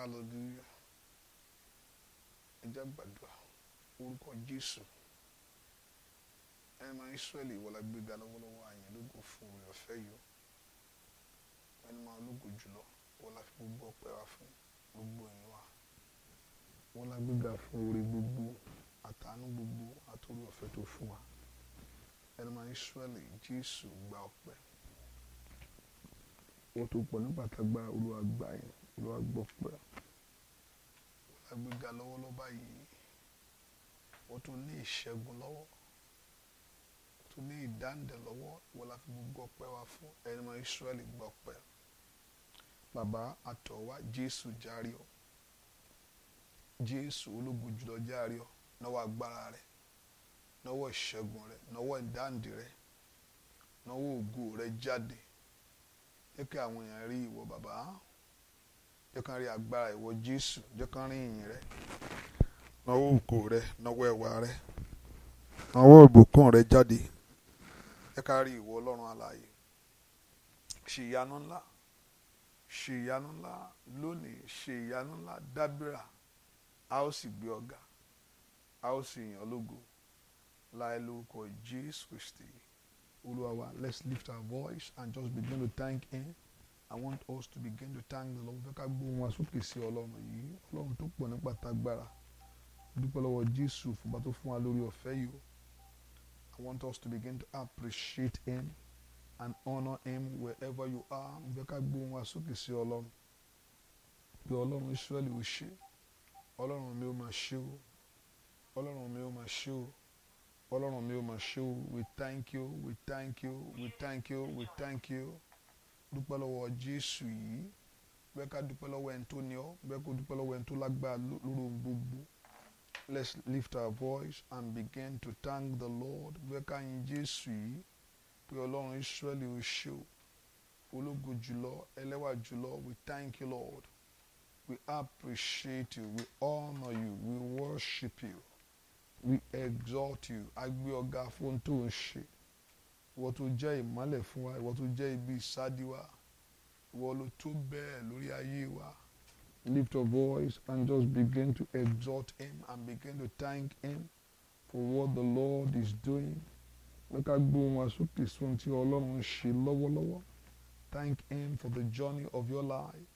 hallelujah ẹ jẹ́ gbàdúrà orúkọ jésù ẹ máa ìsírẹ́lì ìwọlá gbéga lọ́wọ́lọ́wọ́ àyàn lógo fún orí ọ̀fẹ́ yìí ẹni máa lógo jùlọ wọlá fi gbogbo ọpẹ́ wa fún gbogbo ìyìn wa wọlá gbéga fún orí gbogbo àtàánú gbogbo àtòrí ọ̀fẹ́ tó fún wa ẹni máa ìsírẹ́lì jésù gba ọpẹ́ wọ́n tó pọ̀ nígbà tá a gba olúwa gbà yẹn olúwa gbọ́ pẹ́ olùgbéga lọ́wọ́ lọ́ba yìí ó tún ní ìṣẹ́gun lọ́wọ́ ó tún ní ìdáǹdè lọ́wọ́ ìwọ la fi gbogbo ọpẹ́ wa fún ẹni mọ Ísírẹ́lì gbọ́ pẹ́ bàbá àtọ̀wá Jésù járe ọ Jésù ológun jùlọ járe ọ lọ́wọ́ agbára rẹ̀ lọ́wọ́ ìṣẹ́gun rẹ̀ lọ́wọ́ ìdáǹdè rẹ̀ lọ́wọ́ ògo rẹ̀ jáde jẹ́ kí àwọn èèyàn rí ìwọ bàbá jẹ́ rí agbára ìwọ Jésù jẹ́ rí ìyìn rẹ nawọ́ òkò rẹ nawọ́ ẹwà rẹ nawọ́ ìbùkún rẹ jáde jẹ́ rí ìwọ Ọlọ́run alààyè ṣe ìyanu ńlá ṣe ìyanu ńlá lónìí ṣe ìyanu ńlá dábìrà a ó sì gbé ọ̀gá a ó sì yàn lógo láì lórúkọ Jésù Kristi Olúwa wa let's lift our voice and just begin to thank him. I want us to begin to thank the Lord fẹ́ ká gbóhùn wa sókè sí ọlọ́run yìí ọlọ́run tó pọ̀ nípa tagbára dúpẹ́ lọ́wọ́ Jésù fúnba tó fún wa lórí ọ̀fẹ́ yìí I want us to begin to appreciate him and honour him wherever you are fẹ́ ká gbóhùn wa sókè sí ọlọ́run pé ọlọ́run Ísírẹ́lì ò ṣe ọlọ́run mi ò máa ṣe o ọlọ́run mi ò máa ṣe o ọlọ́run mi ò máa ṣe o we thank you we thank you we thank you we thank you. We thank you dúpẹ́ lọ́wọ́ Jésù yìí bẹ́ẹ̀ ká dúpẹ́ lọ́wọ́ ẹni tó ní ọ bẹ́ẹ̀ kó dúpẹ́ lọ́wọ́ ẹni tó lágbára lórí gbogbo let's lift our voice and begin to thank the Lord bẹ́ẹ̀ ká yin Jésù yìí pé Ọlọ́run Ísírẹ́lì ò ṣe o ológo jùlọ ẹlẹ́wà jùlọ we thank you Lord we appreciate you we honour you we worship you we exalt you a gbé ọ̀gá fún tó ń ṣe ìwọ tó jẹ́ ìmọ́lẹ̀ fún wa ìwọ tó jẹ́ ibi ìsádi wa ìwọ ló tó bẹ́ẹ̀ lórí ayé wa. lift your voice and just begin to exalt him and begin to thank him for what the Lord is doing. lọ́ka gbóhùn wa sókè sóhun tí Ọlọ́run ń ṣe lọ́wọ́lọ́wọ́. Thank him for the journey of your life.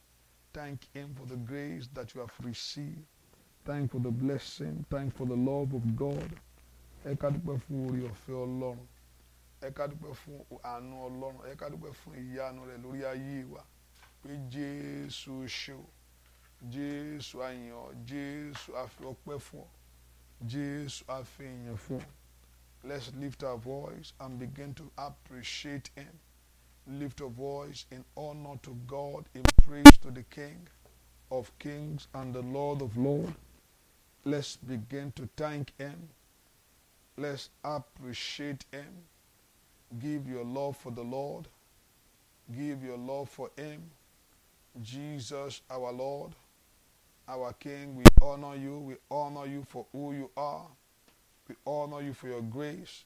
Thank him for the grace that you have received. Thank for the blessing. Thank for the love of God. Ẹ ká dúpẹ́ fún oore ọ̀fẹ́ Ọlọ́run. ẹ ká dúpẹ́ fún àánú ọlọ́run ẹ ká dúpẹ́ fún ìyanu rẹ̀ lórí ayé wa pé jésù ṣe o jésù àyàn jésù àfi ọpẹ́ fún ọ jésù àfi ìyàn fún ọ let's lift our voice and begin to appreciate him lift our voice in honor to God in praise to the king of kings and the lord of lords let's begin to thank him let's appreciate him. Give your love for the Lord. Give your love for Him. Jesus, our Lord, our King, we honor you. We honor you for who you are. We honor you for your grace.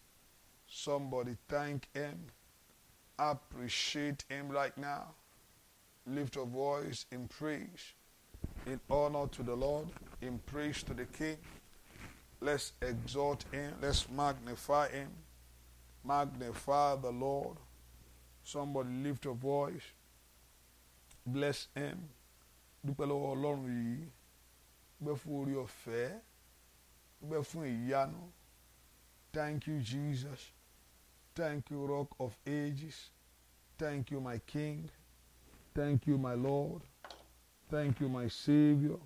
Somebody thank Him. Appreciate Him right now. Lift your voice in praise, in honor to the Lord, in praise to the King. Let's exalt Him. Let's magnify Him. Magnify the Lord. Somebody lift your voice. Bless him. Dúpẹ́ lọ́wọ́ Ọlọ́run yìí. Dúpẹ́ fún orí ọ̀fẹ́. Dúpẹ́ fún ìyanu. Thank you, Jesus. Thank you, Rock of Ages. Thank you, my King. Thank you, my Lord. Thank you, my Savior.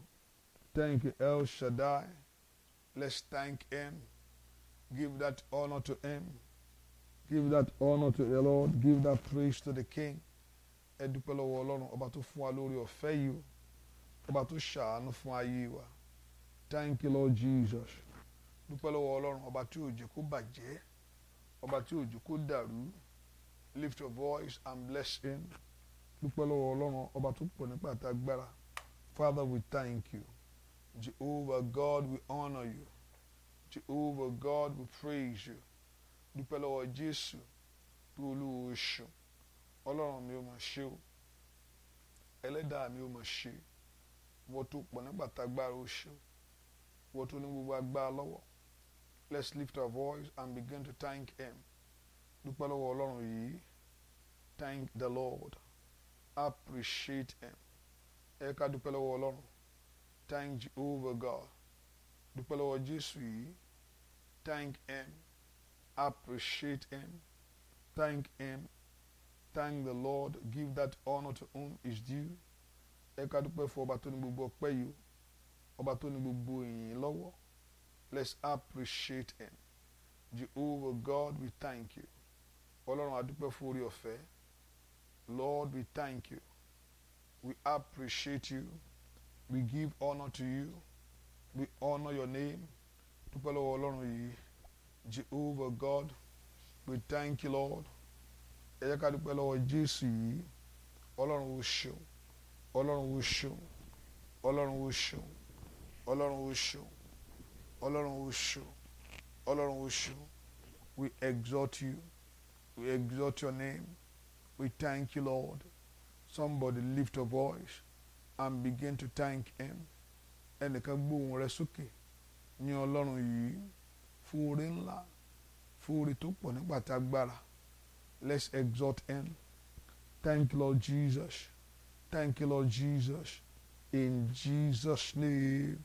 Thank you, El Shaddai. Let's thank Him. Give that honor to Him. give that honor to the Lord give that praise to the King ẹ lọ́wọ́ Ọlọ́run ọba tó fún wa lórí ọ̀fẹ́ yìí ọba tó ṣàánú fún ayé wa thank you Lord Jesus dúpẹ́ lọ́wọ́ Ọlọ́run ọba tí òjò kó bàjẹ́ ọba tí òjò kó dàrú lift your voice and bless him dúpẹ́ lọ́wọ́ Ọlọ́run ọba tó pọ̀ nípa àtàgbára Father we thank you Jehovah God we honour you Jehovah God we praise you dúpẹ́ lọ́wọ́ jésù pé olúwo oṣù ọlọ́run mi ò mọ̀ ṣe o ẹlẹ́dàá mi ò mọ̀ ṣe wọ́n tó pọ̀ nígbà tágbára oṣù wọ́n tó ní gbogbo agbára lọ́wọ́ let's lift our voice and begin to thank him dúpẹ́ lọ́wọ́ ọlọ́run yìí thank the lord appreciate him ẹ ká dúpẹ́ lọ́wọ́ ọlọ́run thank jehovah god dúpẹ́ lọ́wọ́ jésù yìí thank him. Appreciate Him. Thank Him. Thank the Lord. Give that honor to whom is due. Ẹ ká dúpẹ́ fún ọba tó ní gbogbo ọpẹ́ yìí ọba tó ní gbogbo ìyìn lọ́wọ́. Let's appreciate Him. Jehovah God, we thank you. Ọlọ́run a dúpẹ́ fún orí ọ̀fẹ́. Lord, we thank you. We appreciate you. We give honor to you. We honor your name. Dúpẹ́ lọ́wọ́ Ọlọ́run yìí. Jehovah God. We thank you, Lord. Ẹ jẹ́ ká dúpẹ́ lọ́wọ́ Jésù yìí. Ọlọ́run ó ṣeun. Ọlọ́run ó ṣeun. Ọlọ́run ó ṣeun. Ọlọ́run ó ṣeun. Ọlọ́run ó ṣeun. Ọlọ́run ó ṣeun. We exalt you. We exalt your name. We thank you, Lord. Somebody lift a voice and begin to thank him. Ẹnìkan gbóhùn rẹ sókè ní Ọlọ́run yìí. fún oore ńlá fún oore tó pọ̀ nígbà tá a gbára let's exalt him thank you lord jesus thank you lord jesus in jesus name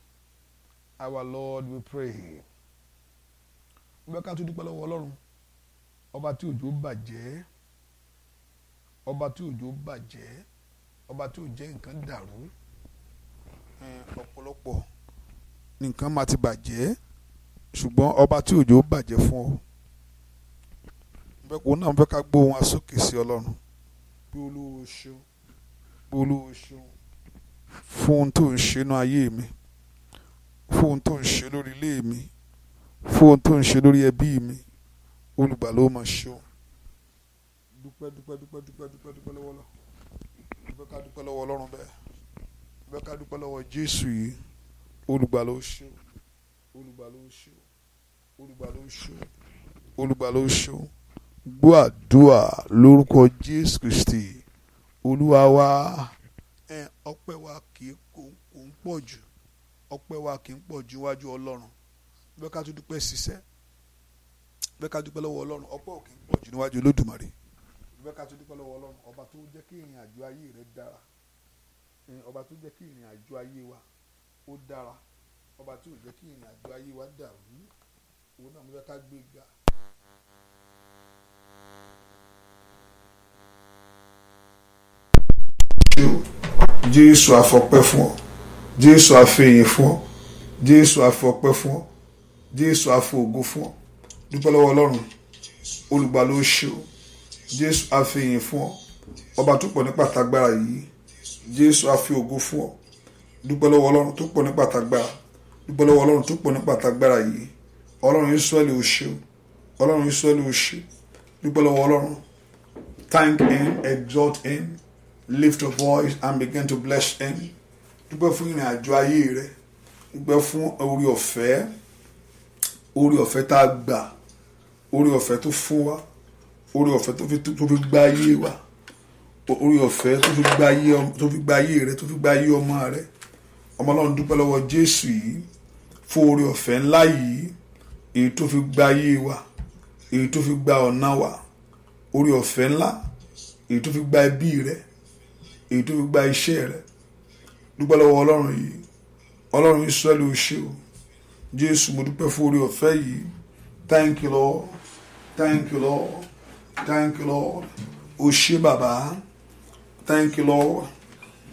our lord we pray bẹ́ẹ̀ ká tó dúpẹ́ lọ́wọ́ ọlọ́run ọba tí òjò bàjẹ́ ọba tí òjò bàjẹ́ ọba tí òjò nǹkan dàrú ọ̀pọ̀lọpọ̀ nǹkan máa ti bàjẹ́ ṣùgbọ́n ọba tí òjò bàjẹ́ fún ọ bẹ́ẹ̀ kó náà fẹ́ ká gbó wọn sókè sí ọlọ́run pé olúwo ṣeun pé olúwo ṣeun fún ohun tó ń ṣe inú ayé mi fún ohun tó ń ṣe lórí ilé mi fún ohun tó ń ṣe lórí ẹbí mi olùgbà ló mọ̀ ṣeun dúpẹ́ dúpẹ́ dúpẹ́ dúpẹ́ dúpẹ́ dúpẹ́ lọ́wọ́ lọ dúpẹ́ ká dúpẹ́ lọ́wọ́ ọlọ́run bẹ́ẹ̀ dúpẹ́ ká dúpẹ́ lọ́wọ́ jésù yìí olùgbà ló ṣeun olùgbà ló ṣó olùgbà ló ṣó olùgbà ló ṣó gbọ́ àdúrà lórúkọ jésù kristi olúwa wa ẹ ọpẹ́ wa kì í kò ń pọ̀ jù ọpẹ́ wa kì í pọ̀ jù iwájú ọlọ́run bẹ́ẹ̀ ká tún dúpẹ́ ṣiṣẹ́ bẹ́ẹ̀ ká dúpẹ́ lọ́wọ́ ọlọ́run ọpẹ́ ò kì í pọ̀ jù níwájú olódùmarè bẹ́ẹ̀ ká tún dúpẹ́ lọ́wọ́ ọlọ́run ọba tó jẹ́ kí ìrìn àjò ayé rẹ dára ọba tó jẹ́ kí ìrìn àjò ayé wa ó dára ọba tí ò jẹ́ kí ìrìn àjò ayé wa dàrú òun náà mo fẹ́ ká gbé ga. jésù àfọpẹ́ fún ọ jésù àfẹyìn fún ọ jésù àfọpẹ́ fún ọ jésù àfọògo fún ọ dúpẹ́ lọ́wọ́ ọlọ́run olùgbà ló ṣe o jésù àfẹyìn fún ọ ọba tó pọ̀ ní pàtàgbára yìí jésù àfẹògo fún ọ dúpẹ́ lọ́wọ́ ọlọ́run tó pọ̀ ní pàtàgbára ìgbọ́lọ́wọ́ ọlọ́run tó pọ̀ nípa àtàgbára yìí ọlọ́run israẹli ò ṣe ọlọ́run israẹli ò ṣe ìgbọ́lọ́wọ́ ọlọ́run thank him exalt him lift your voice and begin to bless him dúpẹ́ fún ìrìn àjò ayé rẹ dúpẹ́ fún orí ọ̀fẹ́ orí ọ̀fẹ́ tá a gbà orí ọ̀fẹ́ tó fún wa orí ọ̀fẹ́ tó fi gbá ayé wa orí ọ̀fẹ́ tó fi gbá ayé rẹ tó fi gbá ayé ọmọ rẹ ọmọ ọlọ́run dúpẹ́ lọ́wọ́ jésù yìí fún oore ọ̀fẹ́ ńlá yìí èyí tó fi gba ayé wa èyí tó fi gba ọ̀nà wa oore ọ̀fẹ́ ńlá èyí tó fi gba ẹbí rẹ èyí tó fi gba iṣẹ́ rẹ dúpẹ́ lọ́wọ́ ọlọ́run yìí ọlọ́run Ísírẹ́lì o ṣé o jésù mo dúpẹ́ fún ọ̀fẹ́ yìí thank you lord thank you lord thank you lord o ṣé bàbá thank you lord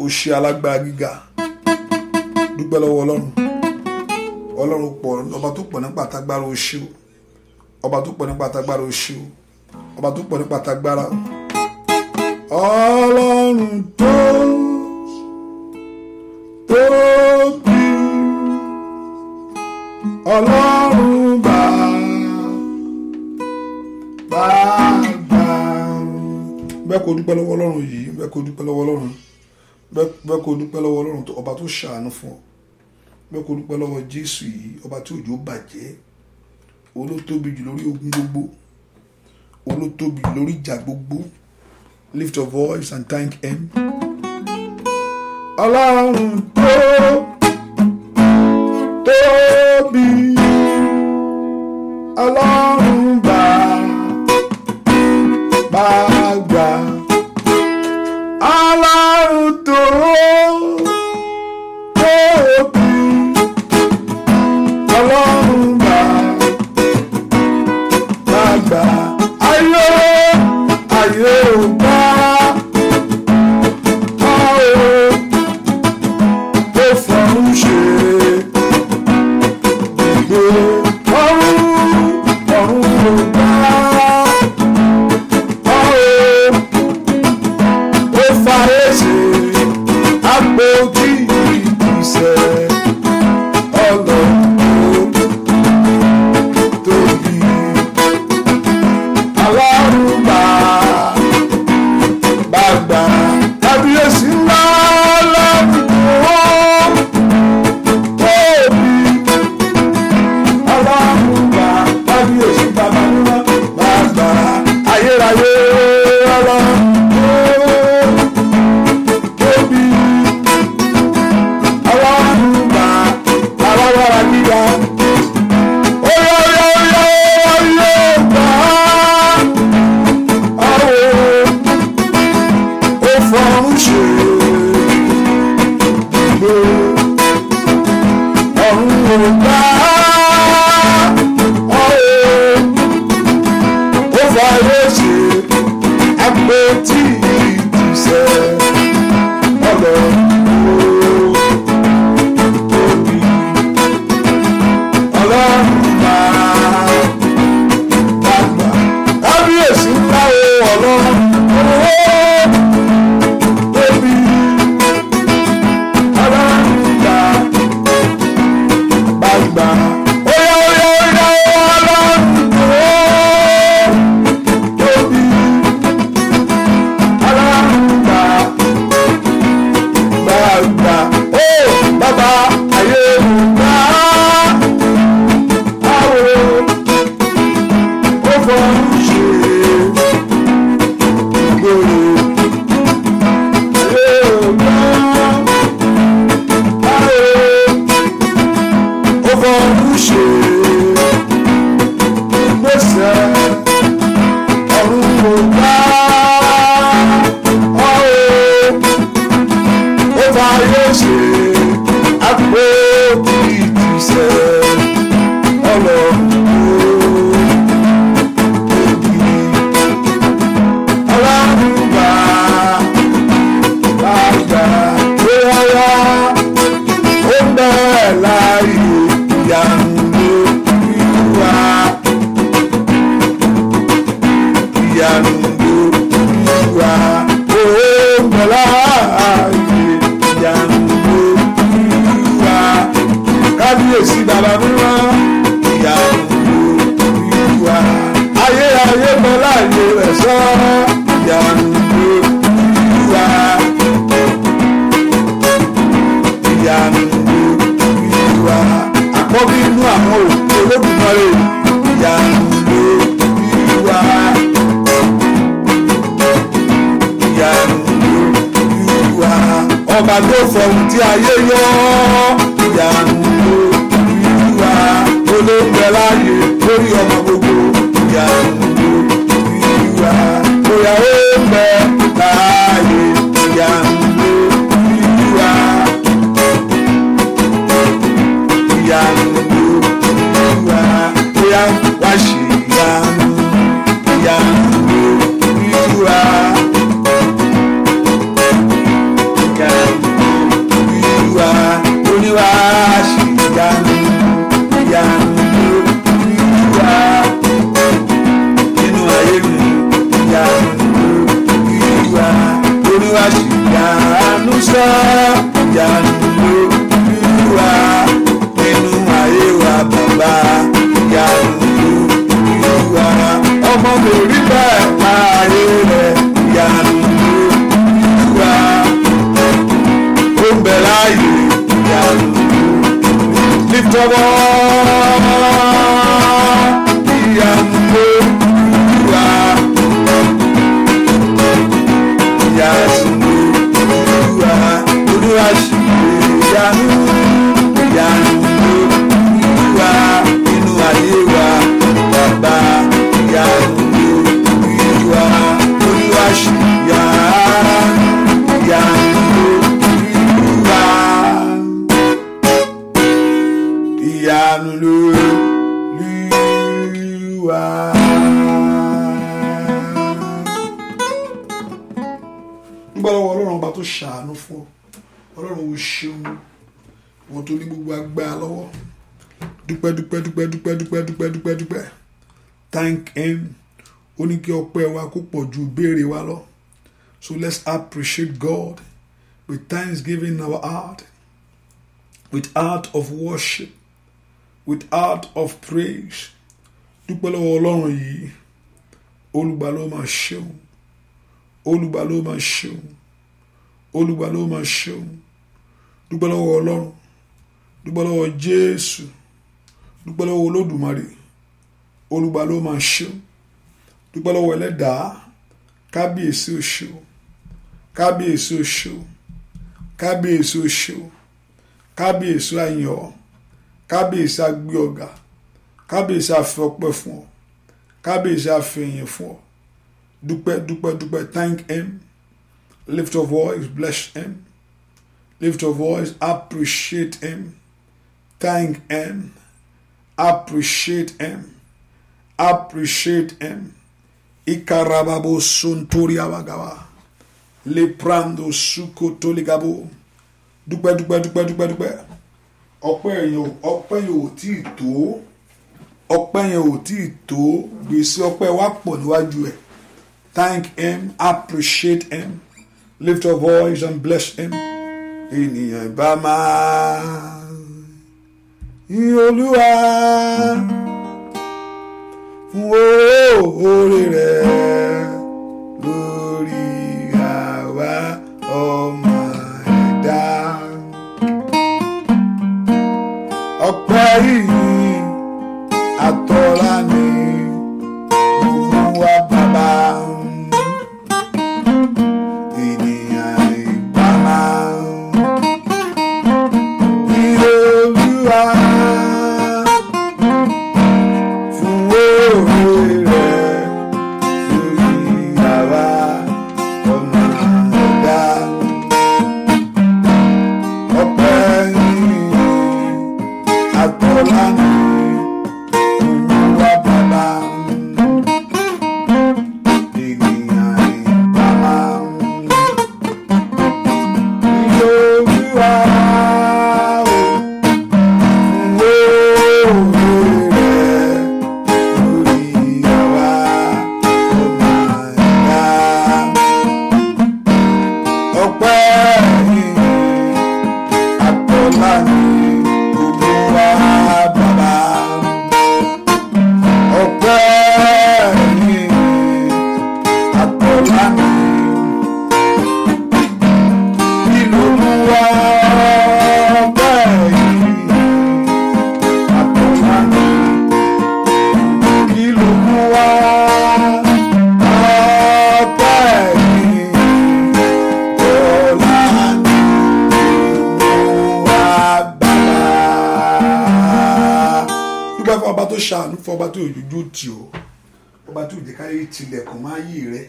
o ṣé alágbára gíga dúpẹ́ lọ́wọ́ ọlọ́run ọlọ́run pọ̀ ọba tó pọ̀ nípa àtagbára oṣù ọba tó pọ̀ nípa àtagbára oṣù ọba tó pọ̀ nípa àtagbára ọlọ́run tó tóbi ọlọ́run bá bá bá bẹ́ẹ̀ kó dúpẹ́ lọ́wọ́ ọlọ́run yìí bẹ́ẹ̀ kó dúpẹ́ lọ́wọ́ ọlọ́run bẹ́ẹ̀ kó dúpẹ́ lọ́wọ́ ọlọ́run ọba tó ṣàánú fún ọ mẹ́kọ̀ olùpẹ́ lọ́wọ́ jésù yìí ọba tí òjò bàjẹ́ olótóbi jù lórí ogun gbogbo olótóbi jù lórí ìjà gbogbo lift your voice and thank him. ọlọ́run tó tóbi ọlọ́run gbà gbàgbà ọlọ́run tó tóbi. ọpẹ́ wa kó pọ̀ ju ìbéèrè wa lọ so let's appreciate God with thanksgiving in our heart with heart of worship with heart of praise dúpẹ́ lọ́wọ́ ọlọ́run yìí olùgbà ló máa ṣeun olùgbà ló máa ṣeun olùgbà ló máa ṣeun dúpẹ́ lọ́wọ́ ọlọ́run dúpẹ́ lọ́wọ́ jésù dúpẹ́ lọ́wọ́ olódùmarè olùgbà ló máa ṣeun dúpẹ́ lọ́wọ́ ẹlẹ́dàá kábíyèsí òṣù kábíyèsí òṣù kábíyèsí òṣù kábíyèsí àyàn kábíyèsí agbé ọ̀gá kábíyèsí àfi ọpẹ́ fún ọ kábíyèsí àfi ìyìn fún ọ dúpẹ́ dúpẹ́ dúpẹ́ thank him lift your voice bless him lift your voice appreciate him thank him appreciate him appreciate him ikarababo sontori abagaba leprando sukoto legabo dúpẹ́ dúpẹ́ dúpẹ́ dúpẹ́ dúpẹ́ ọpẹ́ yẹn ọpẹ́ yẹn ò tí ì tó ọpẹ́ yẹn ò tí ì tó gbèsè ọpẹ́ wa pọ̀ níwájú ẹ̀ thank him appreciate him lift your voice and bless him ènìyàn bá máa olúwa. Mm -hmm n ó oore rẹ̀ lórí àwa ọmọ ẹ̀dá. ọpẹ́ yìí. tí òjòjú tì ọ́ ọba tí òjò káyé tilẹ̀kùn máa yí rẹ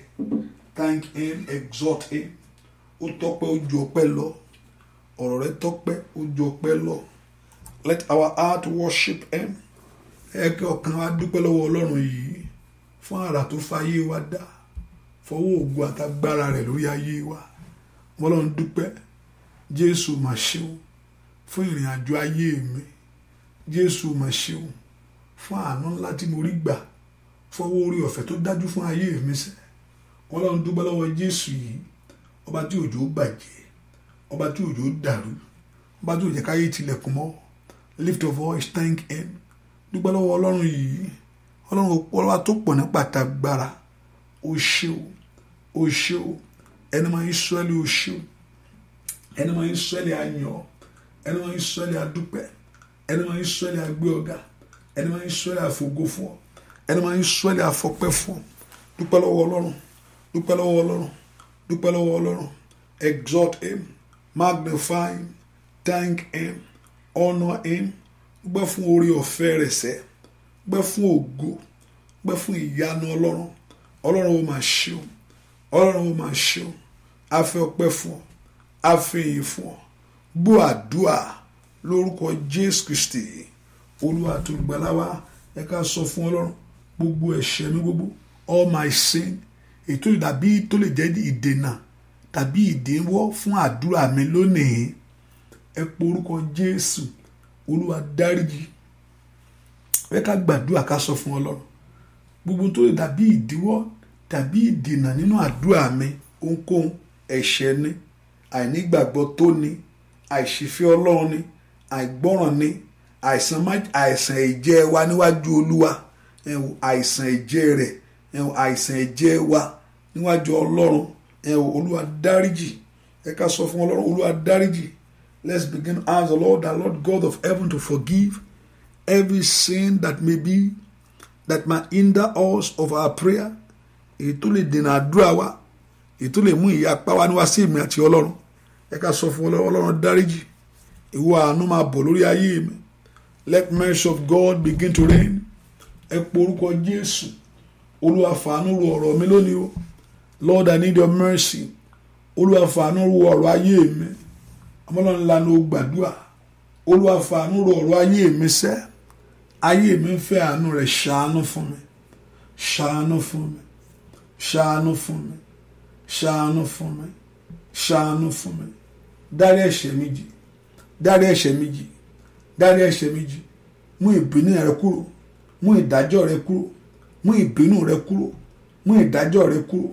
thank him exalt him ó tọ́pẹ́ ó ju ọpẹ́ lọ ọ̀rọ̀ rẹ tọ́pẹ́ ó ju lọ let our heart worship him ẹ kí ọkàn wa dúpẹ́ lọ́wọ́ ọlọ́run yìí fún àrà tó fayé wa dá fọwọ́ ògùn àtagbára rẹ̀ lórí ayé wa ọlọ́run dúpẹ́ jésù mà ṣeun fún ìrìn àjò ayé mi jésù mà ṣeun fún àánú ńlá tí mo rí gbà fọwọ́ orí ọ̀fẹ́ tó dájú fún ayé mi sẹ́ ọlọ́run dúpẹ́ lọ́wọ́ jésù yìí ọba tí òjò bàjẹ́ ọba tí òjò dàrú ọba tí òjò káyé tilẹ̀kùn mọ́ lift of voice thank him dúpẹ́ lọ́wọ́ ọlọ́run yìí ọlọ́run ọlọ́wà tó pọ̀ nípa tàgbára o ṣeun o ṣeun ẹni máa ń sọ́ẹ̀lì o ṣeun ẹni máa ń sọ́ẹ̀lì ayọ̀ ẹni máa ń sọ́ẹ̀lì adúpẹ́ ẹni máa ń sọ́ẹ̀lì agbé ọ̀gá ẹni máa ń sọ́ọ̀lì àfogó fún ọ ẹni máa ń sọ́ọ̀lì àfọpẹ́ fún ọ dúpẹ́ lọ́wọ́ ọlọ́run dúpẹ́ lọ́wọ́ ọlọ́run dúpẹ́ lọ́wọ́ ọlọ́run exalt him magnify him thank him honour him gbẹ́ fún orí ọ̀fẹ́ rẹ̀ sẹ́ gbẹ́ fún ògo gbẹ́ fún ìyanu ọlọ́run ọlọ́run ó máa ṣe o ọlọ́run ó máa ṣe o a fẹ́ ọpẹ́ fún ọ a fẹ́ ìyìn fún ọ gbọ́ àdúà lórúkọ Jésù Kristi yìí olúwa ẹ ká sọ fún ọlọ́run gbogbo ẹ̀ṣẹ̀ mi gbogbo all my sin ètò ìdàbí tó lè jẹ́ ìdènà tàbí ìdíwọ́ fún àdúrà mi lónìí ẹ po orúkọ jésù olúwa dáríjì ẹ ká gbàdúrà ká sọ fún ọlọ́run gbogbo tó lè dàbí ìdíwọ́ tàbí ìdènà nínú àdúrà mi ohunkóhun ẹ̀ṣẹ̀ ni àìnígbàgbọ́ tó ni àìṣìfẹ́ ọlọ́run ni àìgbọ́ràn ni àìsàn ẹ̀jẹ̀ wa níwájú olúwa àìsàn ẹ̀jẹ̀ rẹ̀ àìsàn ẹ̀jẹ̀ wa níwájú ọlọ́run olúwa dáríjì ẹ ká sọ fún ọlọ́run olúwa dáríjì let's begin ask the lord the lord god of heaven to forgive every sin that may be that may hinder us of our prayer èyí tó lè dènà àdúrà wa èyí tó lè mú ìyapa wa níwá sí èmi àti ọlọ́run ẹ ká sọ fún ọlọ́run dáríjì ìwọ àánú máa bọ̀ lórí ayé mi let mercy of God begin to reign ẹ pe orúkọ Jésù olúwa fàánú ru ọ̀rọ̀ mi lónìí o Lord I need your mercy olúwa fàánú ru ọ̀rọ̀ ayé mi ọmọlọ́run lanu gbàdúrà olúwa fàánú ru ọ̀rọ̀ ayé mi sẹ́ ayé mi ń fẹ́ àánú rẹ̀ ṣàánú fún mi ṣàánú fún mi ṣàánú fún mi ṣàánú fún mi ṣàánú fún mi dárí ẹ̀ṣẹ̀ mi jì dárí ẹ̀ṣẹ̀ mi jì dárí ẹ̀ṣẹ̀ mi jì mú ìbínú rẹ kúrò mú ìdájọ́ rẹ kúrò mú ìbínú rẹ kúrò mú ìdájọ́ rẹ kúrò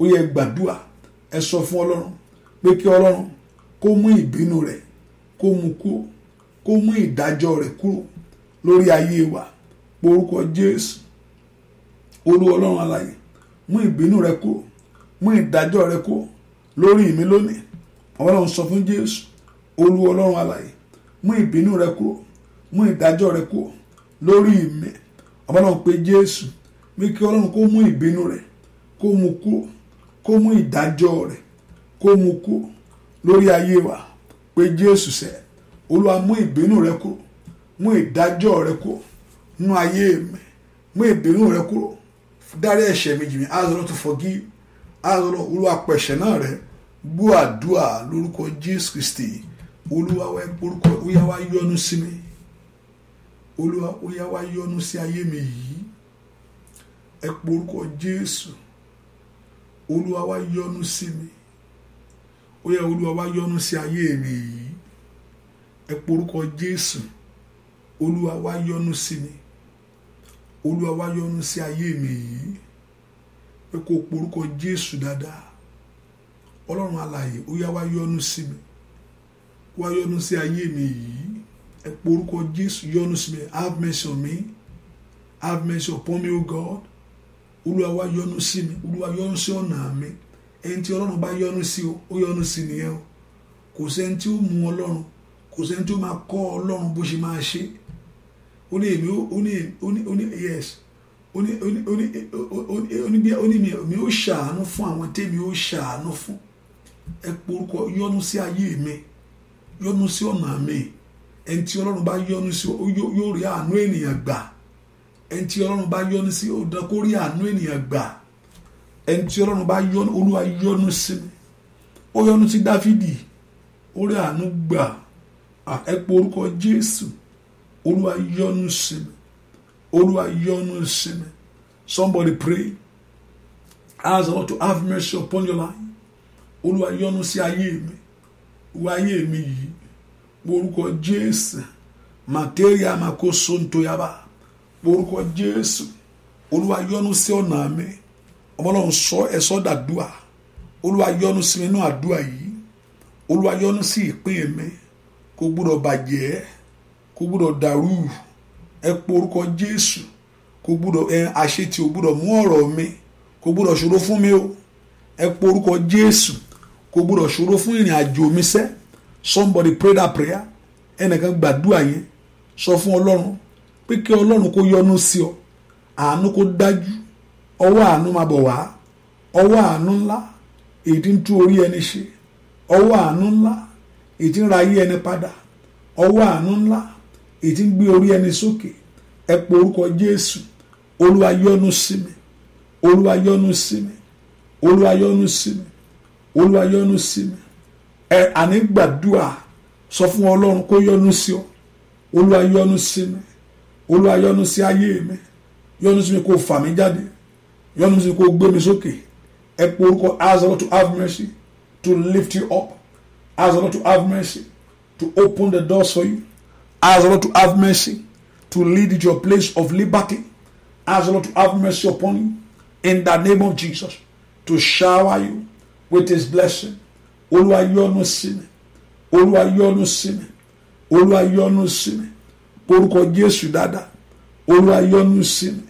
ó yẹ gbàdúrà ẹ sọ fún ọlọ́run pé kí ọlọ́run kó mú ìbínú rẹ kó mú kúrò kó mú ìdájọ́ rẹ kúrò lórí ayé wa orúkọ jésù olú ọlọ́run alààyè mú ìbínú rẹ kúrò mú ìdájọ́ rẹ kúrò lórí mi lónìí ọlọ́run sọ fún jésù olú ọlọ́run alààyè mú ìbínú rẹ kúrò mú ìdájọ́ rẹ kúrò lórí mi ọba náà pé jésù mi kí ọlọ́run kó mú ìbínú rẹ kó mú kúrò kó mú ìdájọ́ rẹ kó mú kúrò lórí ayé wa pé jésù sẹ olúwa mú ìbínú rẹ kúrò mú ìdájọ́ rẹ kúrò nínú ayé mi mú ìbínú rẹ kúrò dárí ẹ̀ṣẹ̀ mi jì mí ask the Lord to olúwa pẹ̀ṣẹ̀ náà rẹ gbọ́ àdúrà lórúkọ jésù kristi. olúwa wa porúkọ óyá wá yọ́nú sí mi olúwa óyá wá yọ́nú sí ayé mi yìí ẹ porúkọ jésù olúwa wá yọ́nú sí mi óyá olúwa wa yọ́nú sí ayé mi yìí ẹ porúkọ jésù olúwa wá yọ́nú sí mi olúwa wá yọ́nú sí ayé mi yìí ẹ kò porúkọ jésù dáadáa ọlọ́run alààyè óyá wá yọ́nú sí mi wá yọ́nú sí ayé mi yìí ẹ pé orúkọ Jésù yọ́nú sí mi have mercy on me have mercy upon me o God olúwa wá yọ́nú sí mi olúwa yọ́nú sí ọ̀nà mi ẹni tí ọlọ́run bá yọ́nú sí o ó yọ́nú sí nìyẹn o kò sẹ́ni tí ó mú ọlọ́run kò sẹ́ni tí ó máa kọ́ ọlọ́run bó ṣe máa ṣe ó ní èmi ó ní ó ní yes ó ní ó ní ó ní ó ní ó ní mi ó ṣàánú fún àwọn tèmi ó ṣàánú fún ẹ porúkọ yọ́nú sí ayé mi yọ́nú sí ọ̀nà mi ẹni tí ọlọ́run bá yọ́nú sí yóò rí àánú ènìyàn gbà ẹni tí ọlọ́run bá yọ́nú sí ó dán kó rí àánú ènìyàn gbà ẹni tí ọlọ́run bá yọ́nú olúwa yọ́nú sí mi ó yọ́nú sí dáfídì ó rí àánú gbà ẹ pé orúkọ jésù olúwa yọ́nú sí olúwa yọ́nú sí somebody pray ask the Lord to have mercy upon your life olúwa yọ́nú sí ayé mi wáyé mi yìí orúkọ jésù màtẹ́rìà màkóso ntóyaba orúkọ jésù olúwa yọ́nú sí ọ̀nà mi ọmọlọ́run sọ ẹ̀sọ́ dàdúà olúwa yọ́nú sí mi nínú àdúà yìí olúwa yọ́nú sí ìpín mi kò gbúdọ̀ bàjẹ́ kò gbúdọ̀ dàrú ẹ pé orúkọ jésù kò gbúdọ̀ ẹ àṣetì ò gbúdọ̀ mú ọ̀rọ̀ mi kò gbúdọ̀ ṣòro fún mi o ẹ pé orúkọ jésù kò gbúdọ̀ ṣòro fún ìrìn àjò mi sẹ́ somebody pray that prayer ẹnìkan gbàdúrà yẹn sọ fún ọlọ́run pé kí ọlọ́run kó yọ́nú sí ọ àánú kó dájú ọwọ́ àánú máa bọ̀ wá ọwọ́ àánú ńlá èyí tí ń tú orí ẹni ṣe ọwọ́ àánú ńlá èyí tí ń ra ayé ẹni padà ọwọ́ àánú ńlá èyí tí ń gbé orí ẹni sókè ẹ pe orúkọ jésù olúwa yọ́nú sí mi olúwa yọ́nú sí mi olúwa yọ́nú sí mi olúwa yọ́nú sí mi ẹ àní gbàdúrà sọ fún ọlọ́run kó yọ́nú sí ọ olúwa yọ́nú sí mi olúwa yọ́nú sí ayé mi yọ́nú sí mi kó fà mí jáde yọ́nú sí mi kó gbé mi sókè ẹ pé orúkọ ask the Lord to have mercy to lift you up ask the Lord to have mercy to open the doors for you ask the Lord to have mercy to lead to your place of liberty ask to have mercy upon you in the name of Jesus to shower you with his blessing olúwa yọ́nú sí mi olúwa yọ́nú sí mi olúwa yọ́nú sí mi orúkọ jésù dáadáa olúwa yọ́nú sí mi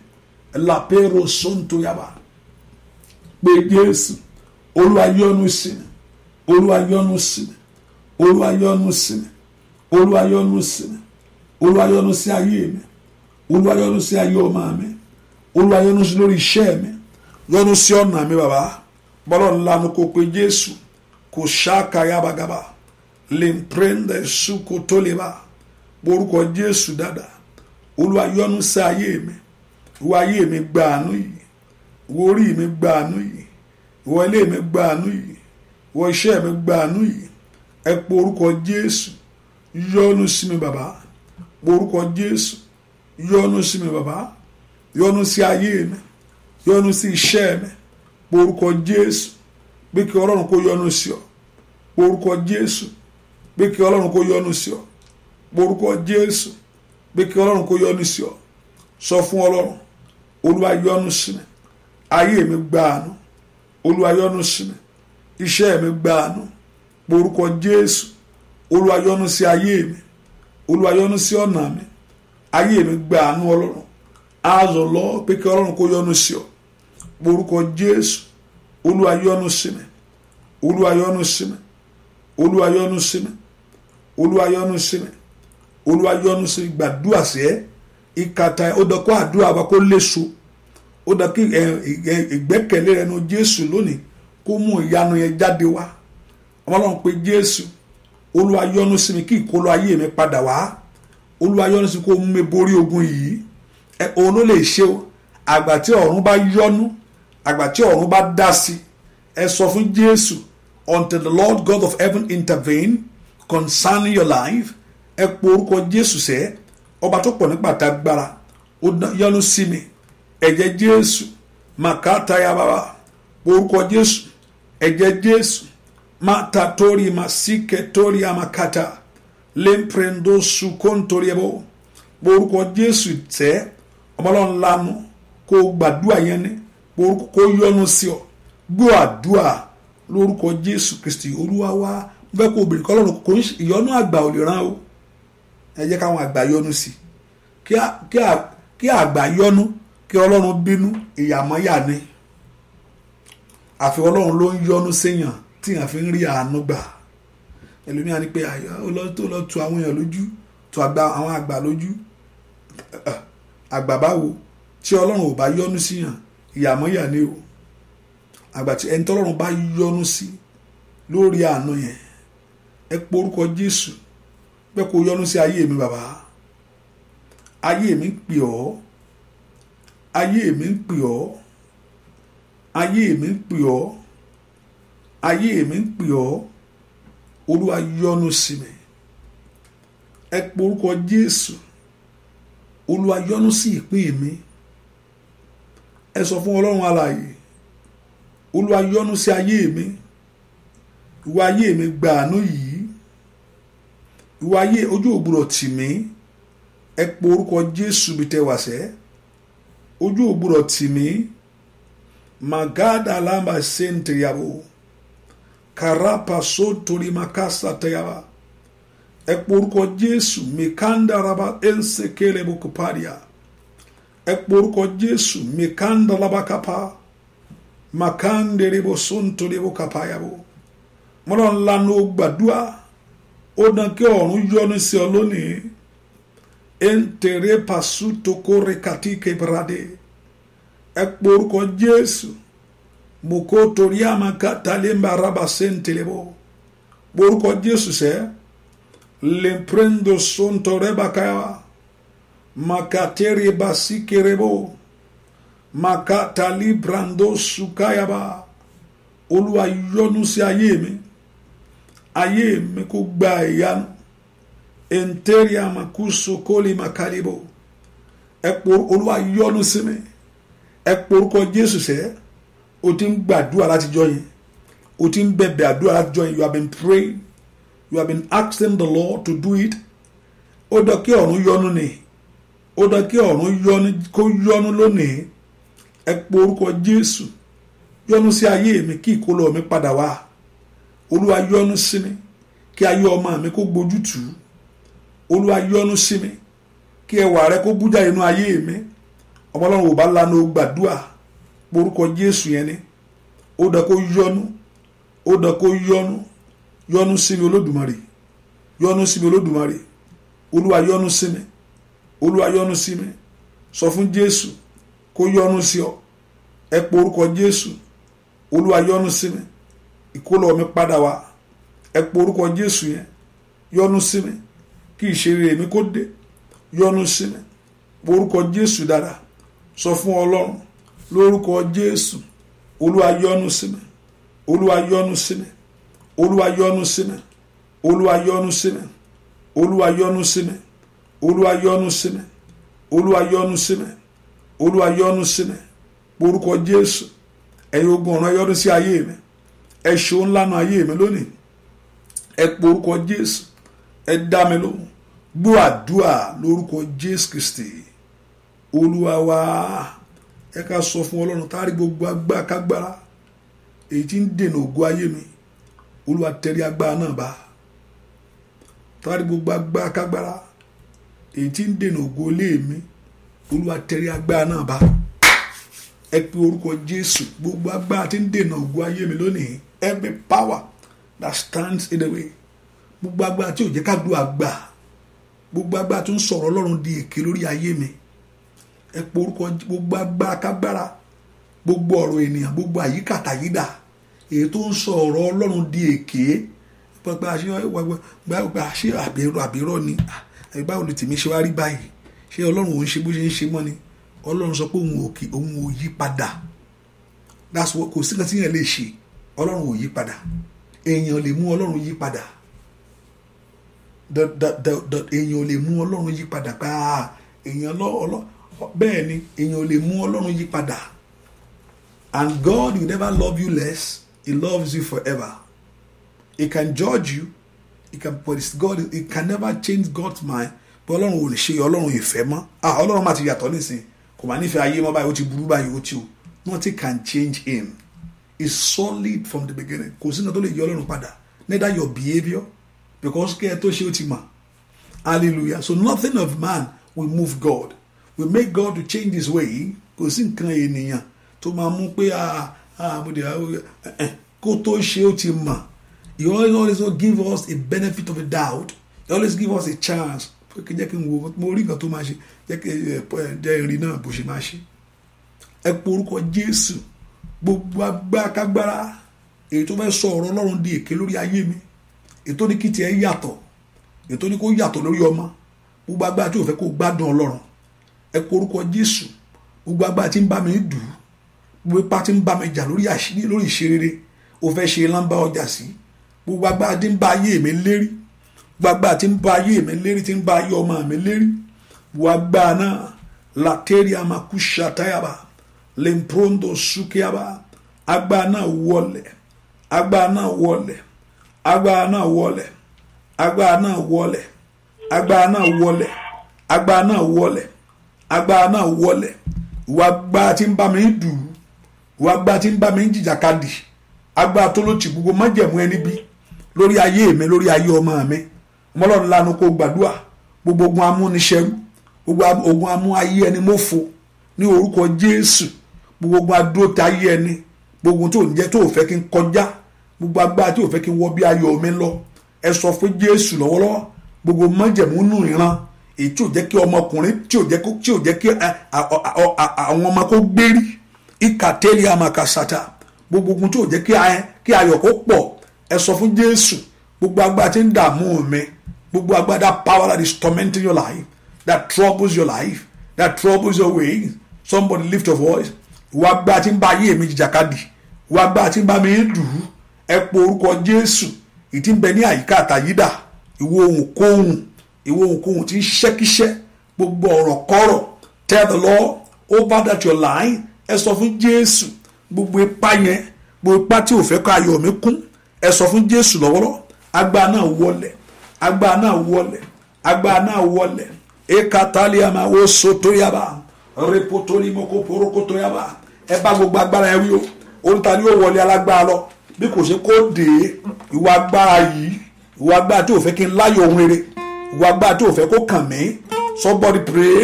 làpérò sóńtóyàbá pé jésù olúwa yọ́nú sí mi olúwa yọ́nú sí mi olúwa yọ́nú sí olúwa yọ́nú sí olúwa yọ́nú sí ayé mi olúwa yọ́nú sí ayé ọmọ mi olúwa yọ́nú sí lórí iṣẹ́ mi yọ́nú sí ọ̀nà mi bàbá bọ́lọ̀ ńlanu kò pé jésù kò ṣáàkà yabagaba lè ń pèrèndà ìṣúkò tó lè bá orúkọ jésù dáadáa olúwa yọ́nú sí ayé mi ìwọ ayé mi gba àánú yìí ìwọ orí mi gba àánú yìí ìwọ ilé mi gba àánú yìí ìwọ iṣẹ́ mi gba àánú yìí ẹ pé jésù yọ́nú sí mi bàbá orúkọ jésù yọ́nú sí mi bàbá yọ́nú sí ayé mi yọ́nú sí iṣẹ́ mi porúkọ jésù pé kí ọlọ́run kó yọ́nú sí ọ porúkọ jésù pé kí ọlọ́run kó yọ́nú sí ọ porúkọ jésù pé kí ọlọ́run kó yọ́nú sí ọ sọ fún ọlọ́run olúwa yọ́nú sí mi ayé mi gba àánú olúwa yọ́nú sí mi iṣẹ́ mi gba àánú porúkọ jésù olúwa yọ́nú sí ayé mi olúwa yọ́nú sí ọ̀nà mi ayé mi gba àánú ọlọ́run azọ̀ lọ pé kí ọlọ́run kó yọ́nú sí ọ orúkọ jésù olúwa yọ́nú sí mi olúwa yọ́nú sí mi olúwa yọ́nú sí mi olúwa yọ́nú sí mi olúwa yọ́nú sí gbàdúrà sí ẹ ìkàtà ó dọ kó àdúrà wa kó léṣo ó dọ kí ìgbẹ́kẹ̀lé rẹ nu jésù lónìí kó mú ìyanu yẹn jáde wá ọmọlọ́run pé jésù olúwa yọ́nú kí ìkólọ ayé mi padà wá olúwa yọ́nú kó mú mi borí ogun yìí ẹ òun ló lè ṣe o àgbà tí ọ̀run bá yọ́nú àgbà tí ọ̀run bá dá sí ẹ sọ fún Jésù until the Lord God of heaven intervene concerning your life ẹ po orúkọ Jésù sẹ́ ọba tó pọ̀ nípa tagbára ó yọ́nú sí mi ẹ̀jẹ̀ Jésù màkà táyà bàbá po orúkọ Jésù ẹ̀jẹ̀ Jésù mata tori masike tori amakata lemprendo sukon tori ẹbọ po orúkọ Jésù tẹ ọmọlọ́run lanu kó gbàdúrà yẹn ni kó yọ́nú sí ọ gbọ́ àdúrà lórúkọ jésù kristi olúwa wa mo fẹ́ kó obìnrin kọ́ lọ́rùn kò ń ìyọ́nú àgbà ò lè rán o ẹ jẹ́ káwọn àgbà yọ́nú sí kí àgbà yọ́nú kí ọlọ́run bínú ìyàmọ́yà ni àfi ọlọ́run ló ń yọ́nú séèyàn tí èèyàn fi ń rí àánú gbà ẹlòmíràn ni pé tó lọ tu àwọn èèyàn lójú tu àwọn àgbà lójú àgbà báwo tí ọlọ́run ò bá yọ́nú síyàn ìyàmọ́yà ni o àgbàtí ẹni tọ́lọ́run bá yọ́nú sí lórí àánú yẹn ẹ porúkọ Jésù pé kó yọ́nú sí ayé mi bàbá ayé mi ń pè ọ́ ayé mi ń pè ọ́ ayé mi ń pè ọ́ ayé mi ń pè ọ́ olúwa yọ́nú sí mi ẹ porúkọ Jésù olúwa yọ́nú sí ìpín mi ẹ sọ fún ọlọ́run alààyè olúwa yọ́nú sí ayé mi ìwọ ayé mi gba àánú yìí ìwọ ayé ojú ògbúrọ̀ tì mí ẹ po orúkọ jésù bí tẹ wàṣẹ ojú ògbúrọ̀ tì mí magada lamba senteyabo karapa sotori makasa teyaba ẹ po orúkọ jésù mikanda raba ensekele bukupadia ẹ porúkọ jésù mikandalabakapa makanderebo sontorebo kapayabo mọ́nà ńlá ní o gbàdúrà ó dán kí ọ̀run yọ́nú sí ọ lónìí entere pasu tokore katike brade ẹ porúkọ jésù moko torí amakatalẹ́mbà rabasentelebo porúkọ jésù sẹ́ lẹ́ńprendo sontoreba kayawa. maka basikerebo makatali brando sukayaba olúwa yọ́nú sí ayé mi ayé mi kò gba ìyanu enteri amakuso koli makalibo ẹ pọ olúwa yọ́nú sí mi ẹ pọ orúkọ jésù sẹ o ti ń gbàdúrà látijọ́ yẹn o ti ń bẹ̀bẹ̀ àdúrà látijọ́ yẹn you have been praying you have been asking the Lord to do it ó dọ̀ ọ̀run ni. ó dán kí ọ̀run yọ́nú kó yọnu lónìí ẹ pé orúkọ jésù yọnu sí ayé mi kí ìkólọ mi padà wá olúwa yọ́nú sí mi kí ayé ọmọ mi kó gbójútù olúwa yọ́nú sí mi kí ẹwà rẹ kó bújà inú ayé mi ọmọ ọlọ́run ò bá lanu gbàdúà orúkọ jésù yẹn ni ó dán kó yọ́nú ó dán kó yọnu yọ́nú sí mi olódùmarè yọ́nú sí mi olódùmarè olúwa yọ́nú sí mi. olúwa yọ́nú sí mi sọ fún jésù kó yọ́nú sí ọ ẹ pe orúkọ jésù olúwa yọ́nú sí mi ìkólọ mi padà wá ẹ pe orúkọ jésù yẹn yọ́nú sí mi kí ìṣeré mi kó dé yọ́nú sí mi pe orúkọ jésù dára sọ fún ọlọ́run lórúkọ jésù olúwa yọ́nú sí mi olúwa yọ́nú sí mi olúwa yọ́nú sí mi olúwa yọ́nú sí mi olúwa yọ́nú sí mi olúwa yọ́nú sí mi olúwa yọ́nú sí mi olúwa yọ́nú sí mi orúkọ jésù ẹ̀yin ogun ọ̀ràn yọ́nú sí ayé mi ẹ ṣeun ńlànà ayé mi lónìí ẹ pọ orúkọ jésù ẹ dá mi lóhùn gbọ́ àdúrà lórúkọ jésù kristi olúwa wa ẹ ká sọ fún ọlọ́run tá a rí gbogbo agbá kágbára èyí tí ń dènà ògo ayé mi olúwa tẹrí agbára náà bá tá a rí gbogbo agbá kágbára èyí tí ń dènà ògo ilé mi olúwa tẹrí agbára náà bá ẹ pe orúkọ jésù gbogbo agbára tí ń dènà ògo ayé mi lónìí every power that stands in the way gbogbo agbára tí ò jẹ́ ká dùn àgbà gbogbo agbára tó ń sọ̀rọ̀ ọlọ́run di èké lórí ayé mi ẹ pe orúkọ gbogbo agbára kágbára gbogbo ọ̀rọ̀ ènìyàn gbogbo àyíká tàyídà èyí tó ń sọ ọlọ́run di èké pẹpẹ àṣẹ àbẹ̀rọ ni. Ah báwo ni tèmi ṣe wá rí báyìí ṣé ọlọ́run ò ń ṣe bó ṣe ń ṣe mọ́ ni ọlọ́run sọ pé òun ò kì òun ò yí padà that's what kò sí nǹkan tí èèyàn lè ṣe ọlọ́run ò yí padà èèyàn lè mú ọlọ́run yí padà èèyàn lè mú ọlọ́run yí padà pé ah, èèyàn lọ́ bẹ́ẹ̀ ni èèyàn lè mú ọlọ́run yí padà and God will never love you less he loves you forever he can judge you he can but it's God he can never change God's mind pé ọlọ́run ò lè ṣe ọlọ́run ìfẹ́ mọ́ ah ọlọ́run má ti yàtọ̀ nísìn kò má nífẹ̀ẹ́ ayé mọ́ báyìí ó ti burú báyìí ó ti o nothing can change him is solid from the beginning kò sínú tó lè yí ọlọ́run padà neither your behaviour because kẹ́ ẹ tó ṣe ó ti mà hallelujah so nothing of man will move God we make God to change his way kò sí nǹkan ènìyàn tó máa mú pé ah ah mo dé ah eh, eh, kó tó ṣe ó ti mà. He always always give us a benefit of a doubt. He always give us a chance. Pé jẹ́ kí n wo mo rí nǹkan tó máa ṣe jẹ́ kí eh, eh, jẹ́ ìrìn náà bó ṣe máa ṣe. Ẹ pe orúkọ Jésù gbogbo agbákágbára èyí tó fẹ́ sọ ọ̀rọ̀ Ọlọ́run di èké lórí ayé mi èyí tó ní kí tiẹ̀ yàtọ̀ èyí tó ní kó yàtọ̀ lórí ọmọ gbogbo agbára tí ò fẹ́ kó gbádùn Ọlọ́run ẹ pe orúkọ Jésù gbogbo agbára tí ń bá mi dùn gbogbo ipá tí ń bá mi jà lórí ìṣerere ò fẹ́ ṣe láńbá ọjà sí. Si gbogbo agbára ti ń bá ayé mi lérí gbogbo agbára tí ń bá ayé mi lérí tí ń bá ayé ọmọ mi lérí gbogbo agbára náà látẹ́rì amakusatayaba lemprondo sukiaba agbára náà wọlé agbára náà wọlé agbára náà wọlé agbára náà wọlé agbára náà wọlé agbára náà wọlé agbára náà wọlé ń mi dùn ń gbogbo májẹ̀mú lórí ayé mi lórí ayé ọmọ mi ọmọlọ́run lanu kó gbàdúrà gbogbo ogun amúniṣẹ́rú gbogbo ogun amú ayé ẹni mọ́fọ́ ní orúkọ Jésù gbogbo ogun adóta ayé ẹni gbogbo tó ń jẹ́ tó fẹ́ kí n kọjá gbogbo agbára tó fẹ́ kí n wọ bí ayọ̀ mi lọ ẹ sọ fún Jésù lọ́wọ́lọ́wọ́ gbogbo májẹ̀múnú ìran èyí tí ò jẹ́ kí ọmọkùnrin tí ò jẹ́ kí àwọn ọmọ kó gbérí ìkàtẹ́lì àmàkàsàtà gbogbo ogun tí jẹ́ kí ayọ̀ kó pọ̀ ẹ sọ fún jésù gbogbo agbára tí ń dààmú mi gbogbo agbára that power that is tormenting your life that troubles your life that troubles your way somebody lift your voice ìwà agbára tí ń bá ayé mi jìjàkadì ìwà agbára tí ń bá mi dùn ún ẹ po orúkọ jésù ìtí ń bẹ ní àyíká àtàyídà ìwọ ohunkóhun ìwọ ohunkóhun tí ń ṣẹ́kíṣẹ́ gbogbo ọ̀rọ̀ kọ́rọ̀ tell the lord over that your line ẹ sọ fún jésù gbogbo ipá yẹn gbogbo ipá tí ò fẹ́ kó ayọ̀ mi kún ẹ sọ fún jésù lọ́wọ́lọ́wọ́ agbára náà wọlẹ̀ agbára náà wọlẹ̀ agbára náà wọlẹ̀ ekataliama wo moko repotolimoko porokotoyaba ẹ bá gbogbo agbára ẹ wí o oríta ni ó wọlé alágbára lọ bí kò ṣe kó dé ìwà agbára yìí ìwà agbára tí ò fẹ́ kí n láyò ohun rere ìwà agbára tí ò fẹ́ kó kàn mí somebody pray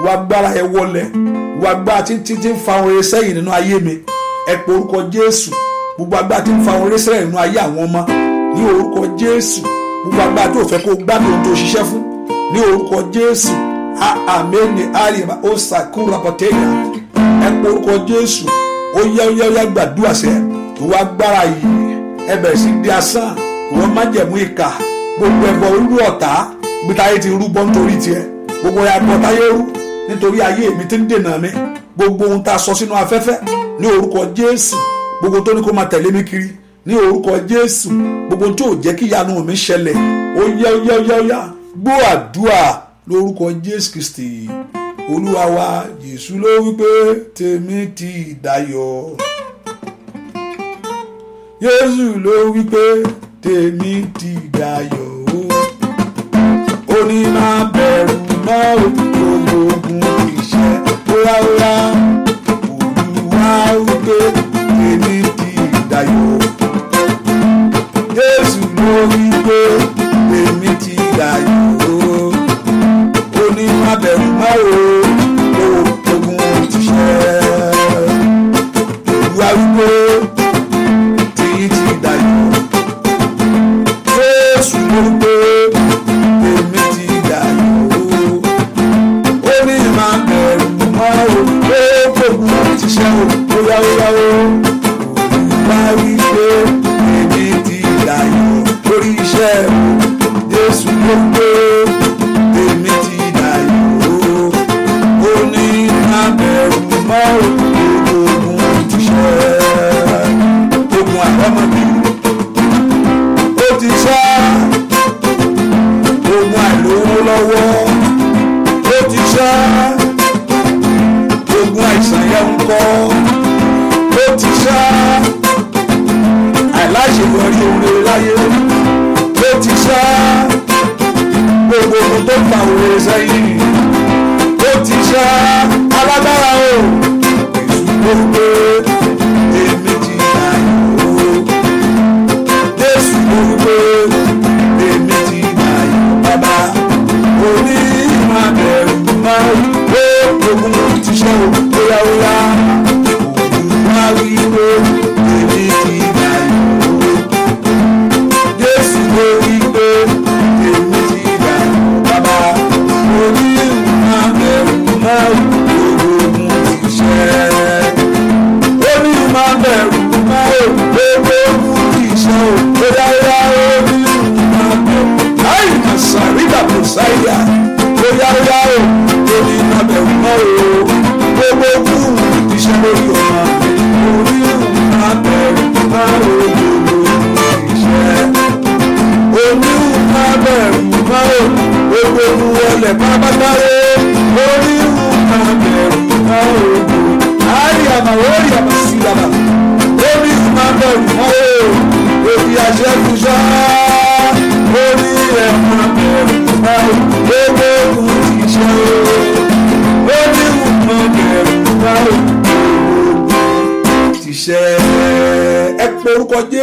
ìwà agbára ẹ wọlẹ̀ ìwà agbára tí tí tí ń fa ohun rere sẹ́yìn nínú ayé mi ẹ pe orúkọ jésù gbogbo agbára tí ń fa ohun rẹ́sẹ̀ inú ayé àwọn ọmọ ní orúkọ jésù gbogbo agbára tó fẹ́ kó gbádùn ohun tó ṣiṣẹ́ fún ní orúkọ jésù àmẹ́ni àríyàmá ó sàkúrò àpọ̀tẹ́yà ẹ pé orúkọ jésù ó yáyáyá gbàdúrà sẹ ìwà agbára yìí ẹ bẹ̀rẹ̀ sí di asán ìwọ májẹ̀mú ìka gbogbo ẹ̀bọ̀ olú ọ̀tá gbẹtayé ti rúbọ nítorí tiẹ̀ gbogbo ẹ̀bọ̀ táyé rú nítorí ayé mi ti ń dènà mi gbogbo ohun tá a sọ sínú afẹ́fẹ́ ní orúkọ jésù gbogbo tó ní kó máa tẹ̀lé mi kiri ní orúkọ jésù gbogbo tó jẹ́ kí ìyanu mi ṣẹlẹ̀ ó yá ó yá ó yá ó yá gbọ́ àdúrà lórúkọ jésù kristi olúwa wa jésù ló wípé tèmi ti dayọ̀ jésù ló wípé tèmi ti dayọ̀ o ó ní máa bẹ̀rù mọ́ ògùn ògùn ìṣẹ́ wípé ayọ̀ Jésù ló wí pé.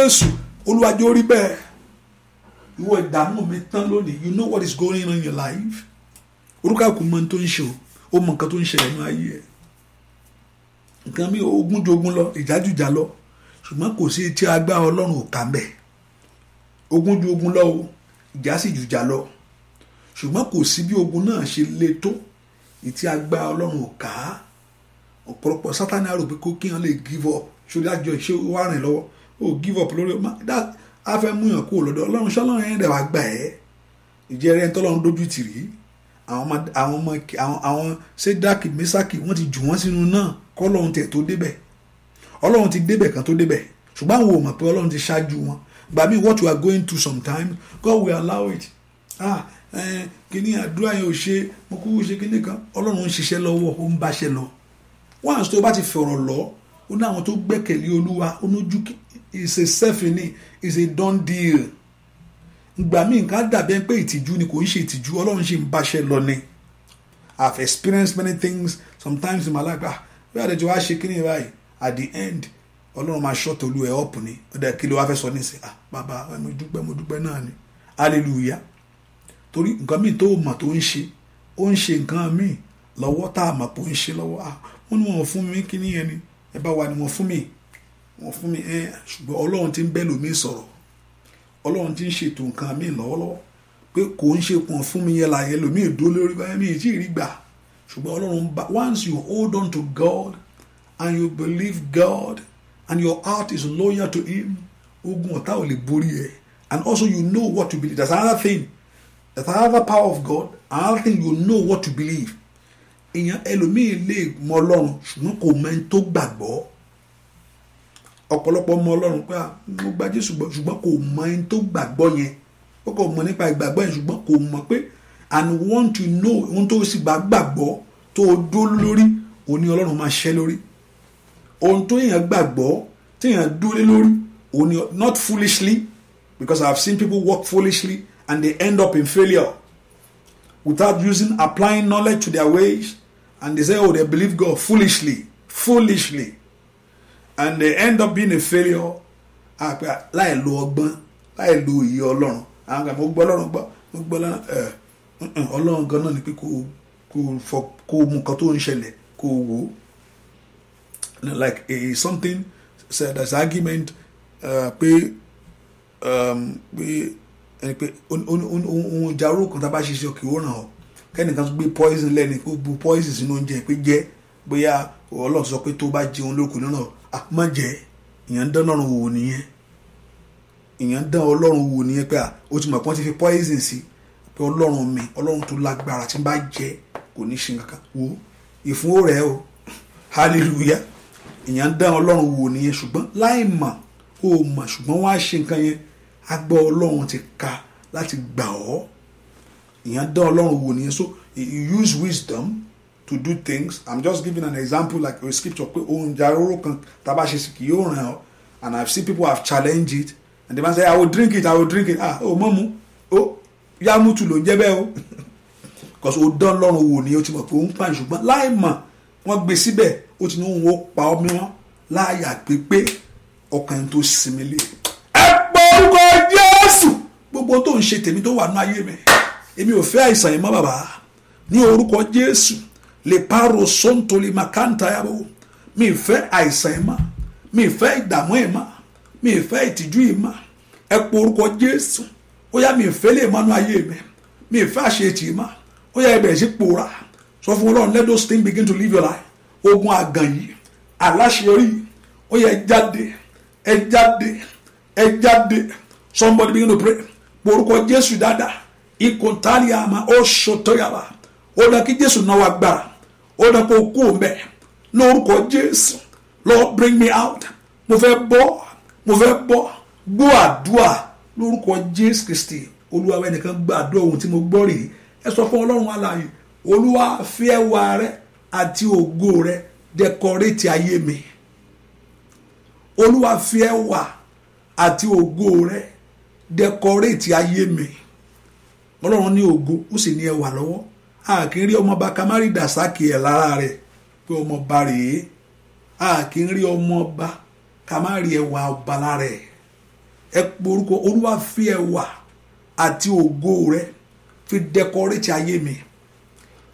èṣù olùwàjò orí bẹ́ẹ̀ ìwọ ìdààmú mi tán lónìí you know what is going on in your life orúkọ àkùn mọ tó ń ṣe o ó mọ nǹkan tó ń ṣẹlẹ̀ ní ayé ẹ̀ nǹkan mi ogun jogun lọ ìjájújà lọ ṣùgbọ́n kò sí etí agbára ọlọ́run ò kà mẹ́ ogun jogun lọ o ìjà sì jùjà lọ ṣùgbọ́n kò sí bí ogun náà ṣe le tó ìtí agbára ọlọ́run ò kà á ọ̀pọ̀lọpọ̀ sátani àrò pé kó kí wọn lè give up ṣó dájọ́ ṣé wàá rìn lọ́wọ́ ò give up lórí ọmọ a fẹ́ mú yàn kó lọ́dọ̀ ọlọ́run ṣọ́lọ́run yẹn dẹ̀ wá gbà ẹ́ ìjẹrẹ ẹni tọ́lọ́run dójú tì rí àwọn ọmọ àwọn ọmọ àwọn sédákì mẹ́sàkì wọ́n ti jù wọ́n sínú náà kọ́ ọlọ́run tẹ̀ tó débẹ̀ ọlọ́run ti débẹ̀ kan tó débẹ̀ ṣùgbọ́n àwọn ò mọ̀ pé ọlọ́run ti ṣáájú wọn gbàmí what we are going through sometimes God will allow it ah kíní àdúrà yẹn ò ṣe mo kúkú ṣe kíní kan ọlọ́run ń ṣiṣẹ́ lọ́wọ́ ó ń báṣẹ́ lọ once tó bá ti fọ̀rọ̀ lọ ó ní àwọn tó gbẹ́kẹ̀lé olúwa ó ní ojú is a self-ini is a done deal ìgbà míì nǹkan dàbí pé ìtìjú ni kò ń ṣe ìtìjú ọlọ́run ṣe ń báṣẹ lọ ni i experienced many things sometimes in my life ah bí àdéjọ wá ṣe kíni báyìí at the end ọlọ́run máa ṣọ́ọ̀tì olú ẹ̀ ọ̀pù ni ó dẹ̀ kí ló wá fẹ́ sọ nísìn ah bàbá mo dúpẹ́ mo dúpẹ́ náà ni hallelujah torí nǹkan míì tó mọ̀ tó ń ṣe ó ń ṣe nǹkan míì lọ́wọ́ tá a mọ̀ pé ó ń ṣe lọ́wọ́ ah wọ́n ní wọn fún mi kíní yẹn ni ẹ bá wa ni wọn fún mi wọ́n fún mi ẹ ṣùgbọ́n ọlọ́run ti ń bẹ́ lómi sọ̀rọ̀ ọlọ́run ti ń ṣètò nǹkan mi lọ́wọ́lọ́wọ́ pé kò ń ṣe pọ̀n fún mi yẹn láyẹn lómi ìdó lórí báyẹn mi ìjì rí gbà ṣùgbọ́n ọlọ́run bá once you hold on to God and you believe God and your heart is loyal to him ogun ọ̀tá ò lè borí ẹ̀ and also you know what to believe that's another thing that's another power of God another thing you know what to believe èèyàn ẹlòmíì lè mọ ọlọ́run ṣùgbọ́n kò mẹ́ni tó gbàgbọ́ ọ̀pọ̀lọpọ̀ ọmọ ọlọ́run pé ah, mo gba jésù gbọ́ ṣùgbọ́n kò mọ ẹni tó gbàgbọ́ yẹn ó kò mọ nípa ìgbàgbọ́ yẹn ṣùgbọ́n kò mọ pé and want to know ohun tó sì bá gbàgbọ́ tó o dó lórí òun ni ọlọ́run máa ṣẹ́ lórí ohun tó yàn gbàgbọ́ tí yàn dúró lórí òun ni not foolishly because I have seen people work foolishly and they end up in failure without using applying knowledge to their ways and they say oh they believe God foolishly foolishly and they end up being a failure àpè ah, ah, láì lo ọgbọ́n láì lo òye ọlọ́run àwọn kan mo gbọ́ ọlọ́run gbọ́ mo gbọ́ ọlọ́run gan náà ni pé kó mú nǹkan tó ń ṣẹlẹ̀ kó wò ó like a something said as argument uh, pé um, pé ẹni pé ohun kan tá ṣe ṣe kì í ràn ọ́ kẹ́nìkan gbé poison lẹ́ni kó bu poison sínú oúnjẹ pé jẹ́ bóyá ọlọ́run sọ pé tó bá jẹun lóko náà àpọ́njẹ èèyàn ń dán ọlọ́run wò nìyẹn èèyàn ń dán ọlọ́run wò nìyẹn pé ó ti mọ̀ pé wọ́n ti fi poison sí pé ọlọ́run mi ọlọ́run tó lágbára tí n bá jẹ kò ní ṣe kankan wo ìfúnwó rẹ o hallelujah èèyàn ń dán ọlọ́run wò nìyẹn ṣùgbọ́n láì mọ̀ ó mọ̀ ṣùgbọ́n wọ́n á ṣe nǹkan yẹn agbọ́ ọlọ́run ti ka láti gbà ọ́ èèyàn dán ọlọ́run wò nìyẹn so you use wisdom to do things i'm just giving an example like a scripture pé ohun jaroro kan taba ṣe kì yóò ràn ọ́ and i've seen people have challenged it and the man say i will drink it i will drink it ah o mọ mu o yamutu ló ń o because o dán lọ́rùn wò ni o ti mọ̀ pé o ń pààyàn ṣùgbọ́n láì mọ̀ wọ́n gbé síbẹ̀ o ti ní òun ó pa ọ́ mímọ́ láàyà pépé ọkàn ẹni tó sinmi lé ẹ pọ orúkọ Jésù gbogbo tó ń ṣe tèmi tó wà nínú ayé mi èmi ò fẹ́ àìsàn yìí mọ́ bàbá ní orúkọ Jésù lè paro sóńtòlì makanta yàbò mi fẹ́ àìsàn ẹ̀ má mi fẹ́ ìdààmú ẹ̀ má mi fẹ́ ìtìjú ẹ̀ má ẹ po orúkọ jésù ó yá mi fẹ́ lè mánú ayé mi mi fẹ́ àṣetì má ó yá ẹbẹ̀ sí pòórá So, fún ọlọ́run let those things begin to live your life ogun àgàn yìí aláṣeyọrí ó yá ẹ jáde ẹ jáde ẹ jáde somebody begin to pray po orúkọ jésù dáadáa ìkòntàlì àmà ó ṣòtọ́ yàrá ó lọ kí jésù náà wá gbára ó dẹ́ kó kú mẹ́ lórúkọ jésù lord bring me out mo fẹ́ bọ́ mo fẹ́ bọ́ gbọ́ àdúà lórúkọ jésù kristi olúwa wẹ́ nìkan gba àdúà ohun tí mo gbọ́ rèé ẹ sọ fún ọlọ́run alààyè olúwa fi ẹwà rẹ àti ògo rẹ dẹkọrétì ayé mi olúwa fi ẹwà àti ògo rẹ dẹkọrétì ayé mi ọlọ́run ní ògo ó sì ní ẹwà lọ́wọ́ a kì í rí ọmọọba kamari dasaki ẹ̀ lára rẹ̀ pé ọmọọba rèé a kì í rí ọmọọba kamari ẹwà ọba lára ẹ̀ ẹ porúkọ olúwa fi ẹwà àti ògo rẹ fi dẹkọrétì ayé mi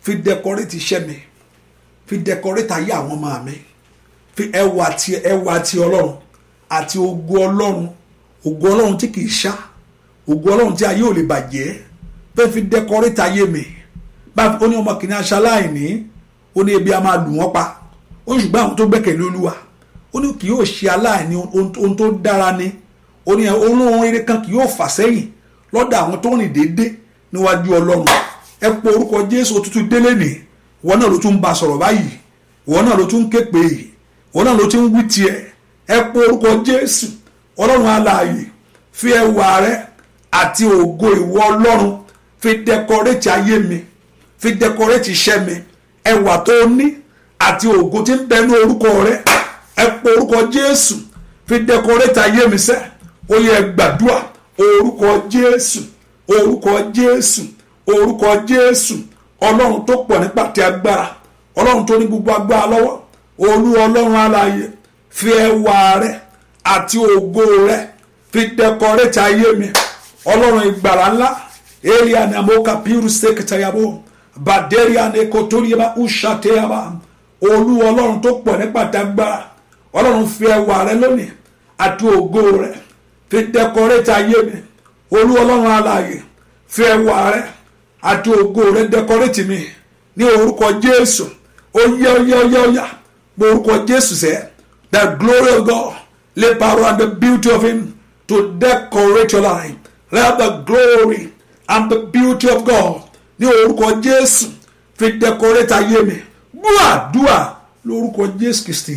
fi dẹkọrétì iṣẹ́ mi fi dẹkọrétì ayé àwọn ọmọ mi fi ẹwà ti ẹwà ti ọlọ́run àti ògo ọlọ́run ògo ọlọ́run tí kì í ṣá ògo ọlọ́run tí ayé ò lè bàjẹ́ pé fi dẹkọrétì ayé mi ó ní ọmọ kìnìún aṣaláìní ó ní ebi a máa lù wọ́n pa ó ní ṣùgbọ́n àwọn tó gbẹ́kẹ̀lé olúwa ó ní kì yóò ṣe aláìní ohun tó dára ni ó ní olóhun eré kan kì yóò fà sẹ́yìn lọ́dọ̀ àwọn tó rìn déédé níwájú ọlọ́run ẹ po orúkọ jésù òtútù délé nì ìwọ náà ló tún bá sọ̀rọ̀ báyìí ìwọ náà ló tún képe yìí ìwọ náà ló tún wí tiẹ̀ ẹ po orúkọ jésù ọlọ́run alààyè fi ẹwà rẹ àti ògo ìwọ ọlọ́run fi dẹkọrẹ́tì ayé mi fi decorate iṣẹ́ mi ẹwà tó ní àti ògo tí ń bẹ orúkọ rẹ ẹ orúkọ jésù fi decorate ayé mi sẹ́ ó yẹ gbàdúrà orúkọ jésù orúkọ jésù orúkọ jésù ọlọ́run tó pọ̀ nípa ti agbára ọlọ́run tó ní gbogbo agbára lọ́wọ́ olú ọlọ́run alààyè fi ẹwà rẹ àti ògo rẹ fi decorate ayé mi ọlọ́run ìgbàlá ńlá eliana mokapiru sekitayabo bàdéríàne kotoriaba usateaba olú ọlọ́run tó pọ̀ ní pàtàgbára ọlọ́run fi ẹwà rẹ lónìí àti ògo rẹ fi dẹkọrẹ́tì ayé mi olú ọlọ́run alààyè fi ẹwà rẹ àti ògo rẹ dẹkọrẹ́tì mi ní orúkọ jésù oyá oyá oyá oyá mo orúkọ jésù sẹ́ the glory of God the power and the beauty of him to decorate your life let the glory and the beauty of God ní orúkọ jésù fi dẹkọrẹ́tì ayé mi gbọ́ àdúrà lórúkọ jésù kristi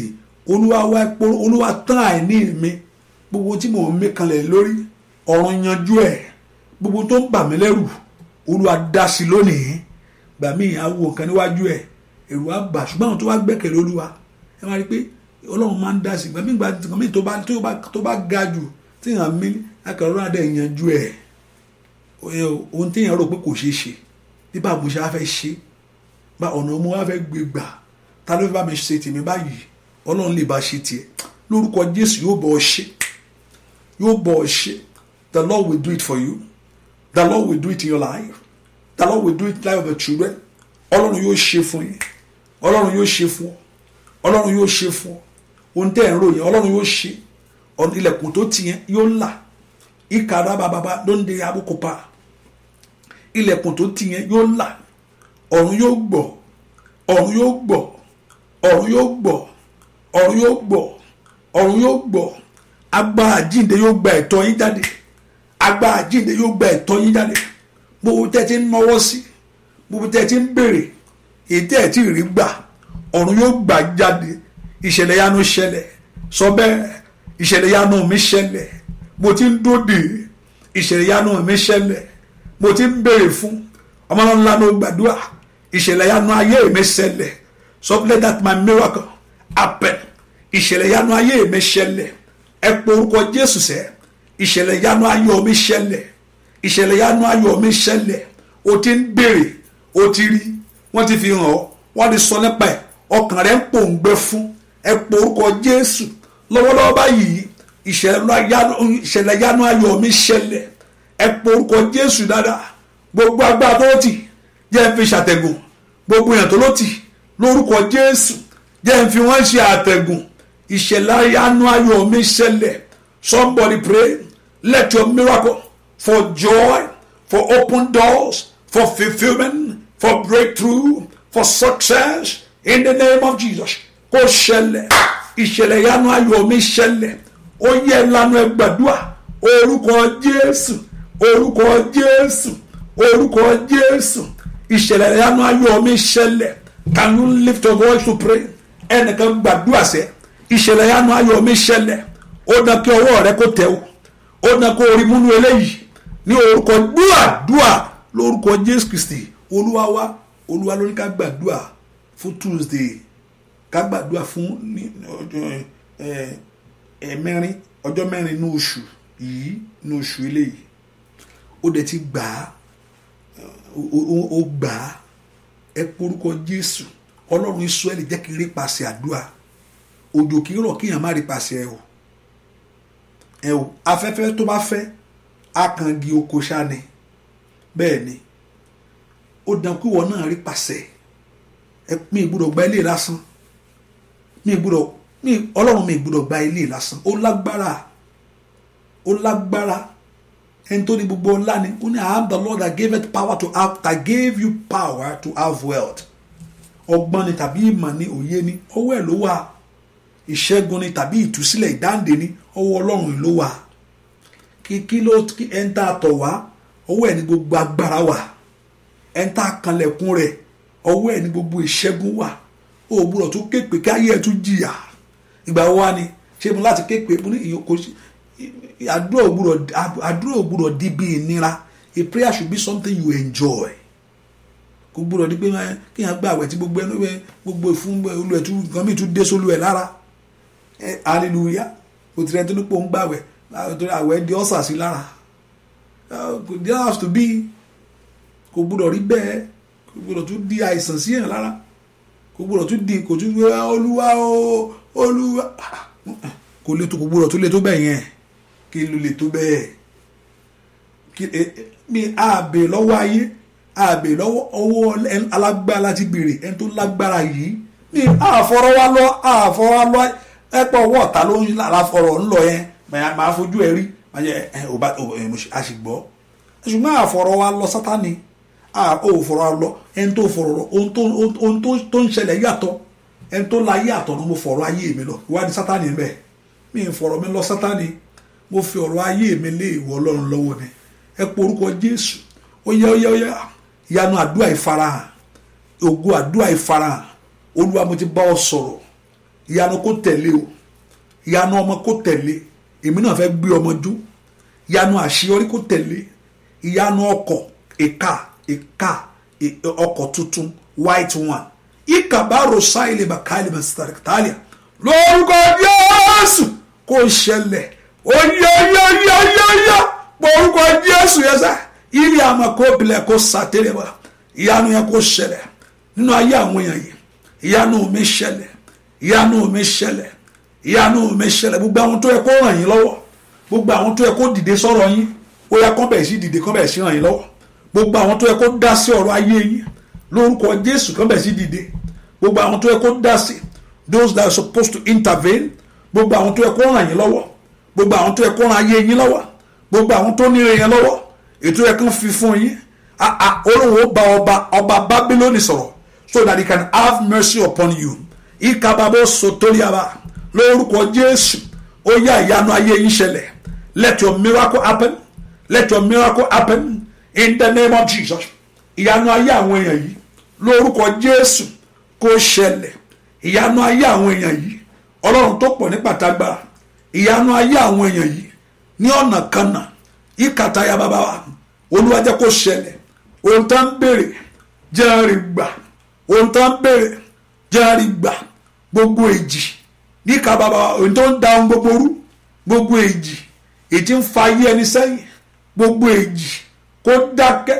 olúwa tán àìní mi gbogbo tí mò ń mí kanlẹ̀ lórí ọ̀ràn yanjú ẹ̀ gbogbo tó ń bà mí lẹ́rù olúwa dá sí lónìí gbà mí àwọ̀ nǹkan níwájú ẹ̀ èrò àgbà ṣùgbọ́n àwọn tó wá gbẹ̀kẹ̀lé olúwa ẹ máa rí pé ọlọ́run máa ń dá sí gbà mí gbà mí tó bá ga jù tí yàn mí akẹ́rọ̀ náà dẹ̀ yanjú ẹ̀ ohun tí yàn rò pé kò ṣeé ṣe bí báwo ṣe á fẹ́ ṣe bá ọ̀nà mo á fẹ́ gbé gbà ta ló fẹ́ bá mi ṣe tèmi báyìí ọlọ́run lè bá ṣe tiẹ̀ lórúkọ jésù yóò bọ̀ ọ ṣe yóò bọ̀ ọ ṣe the lord will do it for you the lord will do it in your life the lord will do it in life of your children ọlọ́run yóò ṣe fún yín ọlọ́run yóò ṣe fún ọ ọlọ́run yóò ṣe fún ọ ohun tẹ́ ẹ̀ ń ròyìn ọlọ́run yóò ṣe ilẹ̀kùn tó ti yẹn yóò là ìkàrà bàbá ló ń de abúkọ̀pá ilẹ̀kùn tó ti yẹn yóò là ọ̀run yóò gbọ́ ọ̀run yóò gbọ́ ọ̀run yóò gbọ́ ọ̀run yóò gbọ́ ọ̀run yóò gbọ́ agbára àjíǹde yóò gba ẹ̀tọ́ yín jáde agbára àjíǹde yóò gba ẹ̀tọ́ yín jáde gbogbo tẹ́ ti ń náwó sí gbogbo tẹ́ ti ń béèrè èyí tẹ́ ẹ̀ tí rí gbà ọ̀run yóò gbà jáde ìṣẹ̀lẹ̀ yanu ṣẹlẹ̀ sọ bẹ́ẹ̀ ìṣẹ̀lẹ̀ yanu mi ṣẹlẹ̀ mo ti ń dóde ìṣẹ̀lẹ̀ yanu mi ṣẹlẹ̀ mo ti ń béèrè fún ọmọ náà ńlá ló gbàdúrà ìṣẹ̀lẹ̀ yanu ayé mi ṣẹlẹ̀ so let that my miracle happen ìṣẹ̀lẹ̀ yanu ayé mi ṣẹlẹ̀ ẹ pé orúkọ Jésù sẹ́ ìṣẹ̀lẹ̀ yanu ayọ̀ mi ṣẹlẹ̀ ìṣẹ̀lẹ̀ yanu ayọ̀ mi ṣẹlẹ̀ o ti ń béèrè o ti rí wọ́n ti fi hàn ọ́ wọ́n ti sọ nípa ẹ̀ ọkàn rẹ̀ ń pòǹgbẹ fún ẹ pé orúkọ Jésù lọ́wọ́lọ́wọ́ báyìí ìṣẹ̀lẹ̀ yanu ayọ̀ mi ṣẹlẹ̀ ẹ porúkọ jésù dáadáa gbogbo agbára tó tì jẹ́ fi ṣàtẹ̀gùn gbogbo èèyàn tó ló tì lórúkọ jésù jẹ́ fi wọ́n ṣe àtẹ̀gùn ìṣẹ̀lẹ̀ ayánú ayọ̀ mi ṣẹlẹ̀ somebody pray let your miracle for joy for open doors for fulfilment for breakthrough for success in the name of jesus kó ṣẹlẹ̀ ìṣẹ̀lẹ̀ ìyanu ayọ̀ mi ṣẹlẹ̀ ó yẹ lanu ẹ orúkọ jésù orúkọ jésù orúkọ jésù ìṣẹ̀lẹ̀ ìyanu ayọ̀ mi ṣẹlẹ̀ can you lift your voice to pray ẹnìkan gbàdúrà sẹ́ ìṣẹ̀lẹ̀ ìyanu ayọ̀ mi ṣẹlẹ̀ ó dán kí ọwọ́ rẹ kó tẹ̀ o ó dán kó orí múnú eléyìí ní orúkọ dúàdúà lórúkọ jésù kristi olúwa wa olúwa ló ní ká gbàdúà fún tuesday ká gbàdúà fún ẹ̀ẹ̀mẹ́rin ọjọ́ mẹ́rin ní oṣù yìí ní oṣù eléyìí ó dẹ̀ ti gbà á ó gbà á ẹ porúkọ jésù ọlọ́run israẹli jẹ́ kí n rí paṣẹ àdúrà òjò kì í rọ̀ kí èèyàn má rí paṣẹ ẹ o ẹ o afẹ́fẹ́ tó bá fẹ́ akàngi oko ṣá ni bẹ́ẹ̀ ni ó dàn kí ìwọ náà rí paṣẹ ẹ mi gbúdọ̀ gba ilé lásán mi gbúdọ̀ mi ọlọ́run mi gbúdọ̀ gba ilé lásán ó lágbára ó lágbára ẹni gbogbo ọlá ni ó ní I am the Lord that gave it power to have that gave you power to have wealth ọgbọ́n ni tàbí ìmọ̀ ni òye ni ọwọ́ ẹ̀ ló wà ìṣẹ́gun ni tàbí ìtúsílẹ̀ ìdáǹdè ni ọwọ́ ọlọ́run ló wà kí ló ẹni tá a tọ̀ wá ọwọ́ ẹ̀ ní gbogbo agbára wà ẹni tá a kanlẹ̀kùn rẹ̀ ọwọ́ ẹ̀ ní gbogbo ìṣẹ́gun wà ó gbúdọ̀ tó képe káyé ẹ̀ tún jìyà ìgbà wo wá ni ṣé mo láti képe mo ní ìyókò àdúrà ògbúrọ̀ àdúrà ògbúrọ̀ di bí ìnira a prayer should be something you enjoy kò gbúdọ̀ di pé kí yẹn gba àwẹ̀ tí gbogbo ẹnu gbogbo ìfún olú ẹ̀ tún nǹkan mìíràn tún dé sólú ẹ̀ lára hallelujah kò tirẹ̀ tó ní pò ń gba àwẹ̀ torí àwẹ̀ di ọ̀sà sí lára kò dí to be kò gbúdọ̀ rí bẹ́ẹ̀ kò gbúdọ̀ tún di àìsàn sí yẹn lára kò gbúdọ̀ tún di kò tún olúwa o olúwa ah, ah, kò lè tó kò gbúdọ̀ tún lè tó bẹ́ẹ̀ yẹn kí ló lè tó bẹ́ẹ̀ mi àbè lọ́wọ́ ayé àbè lọ́wọ́ ọwọ́ alágbára láti béèrè ẹni tó lágbára yìí mi àfọ̀rọ̀ wa lọ àfọ̀rọ̀ wa lọ ẹ pọ̀ ọwọ́ ọ̀tá ló ń láfọ̀rọ̀ ńlọ yẹn màá fojú ẹ rí màá yẹ ẹ ò bá a sì gbọ́ ṣùgbọ́n àfọ̀rọ̀ wa lọ sátani òfòrò lọ ẹni tó fọ̀rọ̀ lọ ohun tó ń ṣẹlẹ̀ yàtọ̀ ẹni tó la yàtọ̀ ni mo fọ̀rọ̀ ayé mi lọ ìwádìí sátani ń bẹ mi fọ̀rọ̀ mi lọ sátani mo fi ọ̀rọ̀ ayé mi lé ìwọ ọlọ́run lọ́wọ́ ni ẹ pé orúkọ jésù ó yá ó yá ó yá ìyanu àdúrà ìfarahàn ògo àdúrà ìfarahàn olúwa mo ti bá ọ sọ̀rọ̀ ìyanu kó tẹ̀lé o ìyanu ọmọ kó tẹ̀lé èmi náà fẹ́ gbé ọmọ jó ìyanu àṣeyọrí kó tẹ̀lé ìyanu ọkọ̀ ìka ìka ọkọ̀ tuntun white one ìkàbárò sáìlì bàkàlì bàtàlì lórúkọ jésù kó ṣẹlẹ̀ oyeyeyeyeye orúkọ jésù yẹn sá ilé àmọ́ kó bilẹ̀ kó sátẹ́lẹ̀ wa ìyanu yẹn kó ṣẹlẹ̀ nínú ayé àwọn èèyàn yìí ìyanu mi ṣẹlẹ̀ ìyanu mi ṣẹlẹ̀ ìyanu mi ṣẹlẹ̀ gbogbo àwọn tó yẹ kó ràn yín lọ́wọ́ gbogbo àwọn tó yẹ kó dìde sọ̀rọ̀ yín ó yẹ kán bẹ̀rẹ̀ sí dìde kán bẹ̀rẹ̀ sí ràn yín lọ́wọ́ gbogbo àwọn tó yẹ kó dá sí ọ̀rọ̀ ayé yín lórúkọ jésù kán bẹ̀rẹ̀ sí dìde gbogbo àwọn tó yẹ kó dá sí those that are supposed to intervene gbogbo àwọn tó yẹ kó ràn yín lọ́wọ́ gbogbo àwọn tó yẹ kó ran ayé yín lọ́wọ́ gbogbo àwọn tó níre yẹn lọ́wọ́ ètò yẹ kó fi fún yín olówó ba ọba ọba bábílónì sọ̀rọ̀ so that he can have mercy upon you ìkàbàbọ̀ sotoriaba lórúkọ jésù ó yá ìyanu ayé yín ṣẹlẹ̀ let your miracle happen let your miracle happen in the name of jesus ìyanu ayé àwọn èèyàn yìí lórúkọ jésù kó ṣẹlẹ̀ ìyanu ayé àwọn èèyàn yìí ọlọ́run tó pọ̀ ní pàtàgbára ìyanu ayé àwọn èèyàn yìí ní ọ̀nà kanna ìkàtàyà bàbá wa olúwa jẹ́ kó ṣẹlẹ̀ ohun tá ń béèrè jẹ́ rí gbà ohun tá ń béèrè jẹ́ rí gbà gbogbo èjì níka bàbá wa ohun tó ń da ohun gbogbo rú gbogbo èjì èjì ń fa ayé ẹni sẹ́yìn gbogbo èjì kó dákẹ́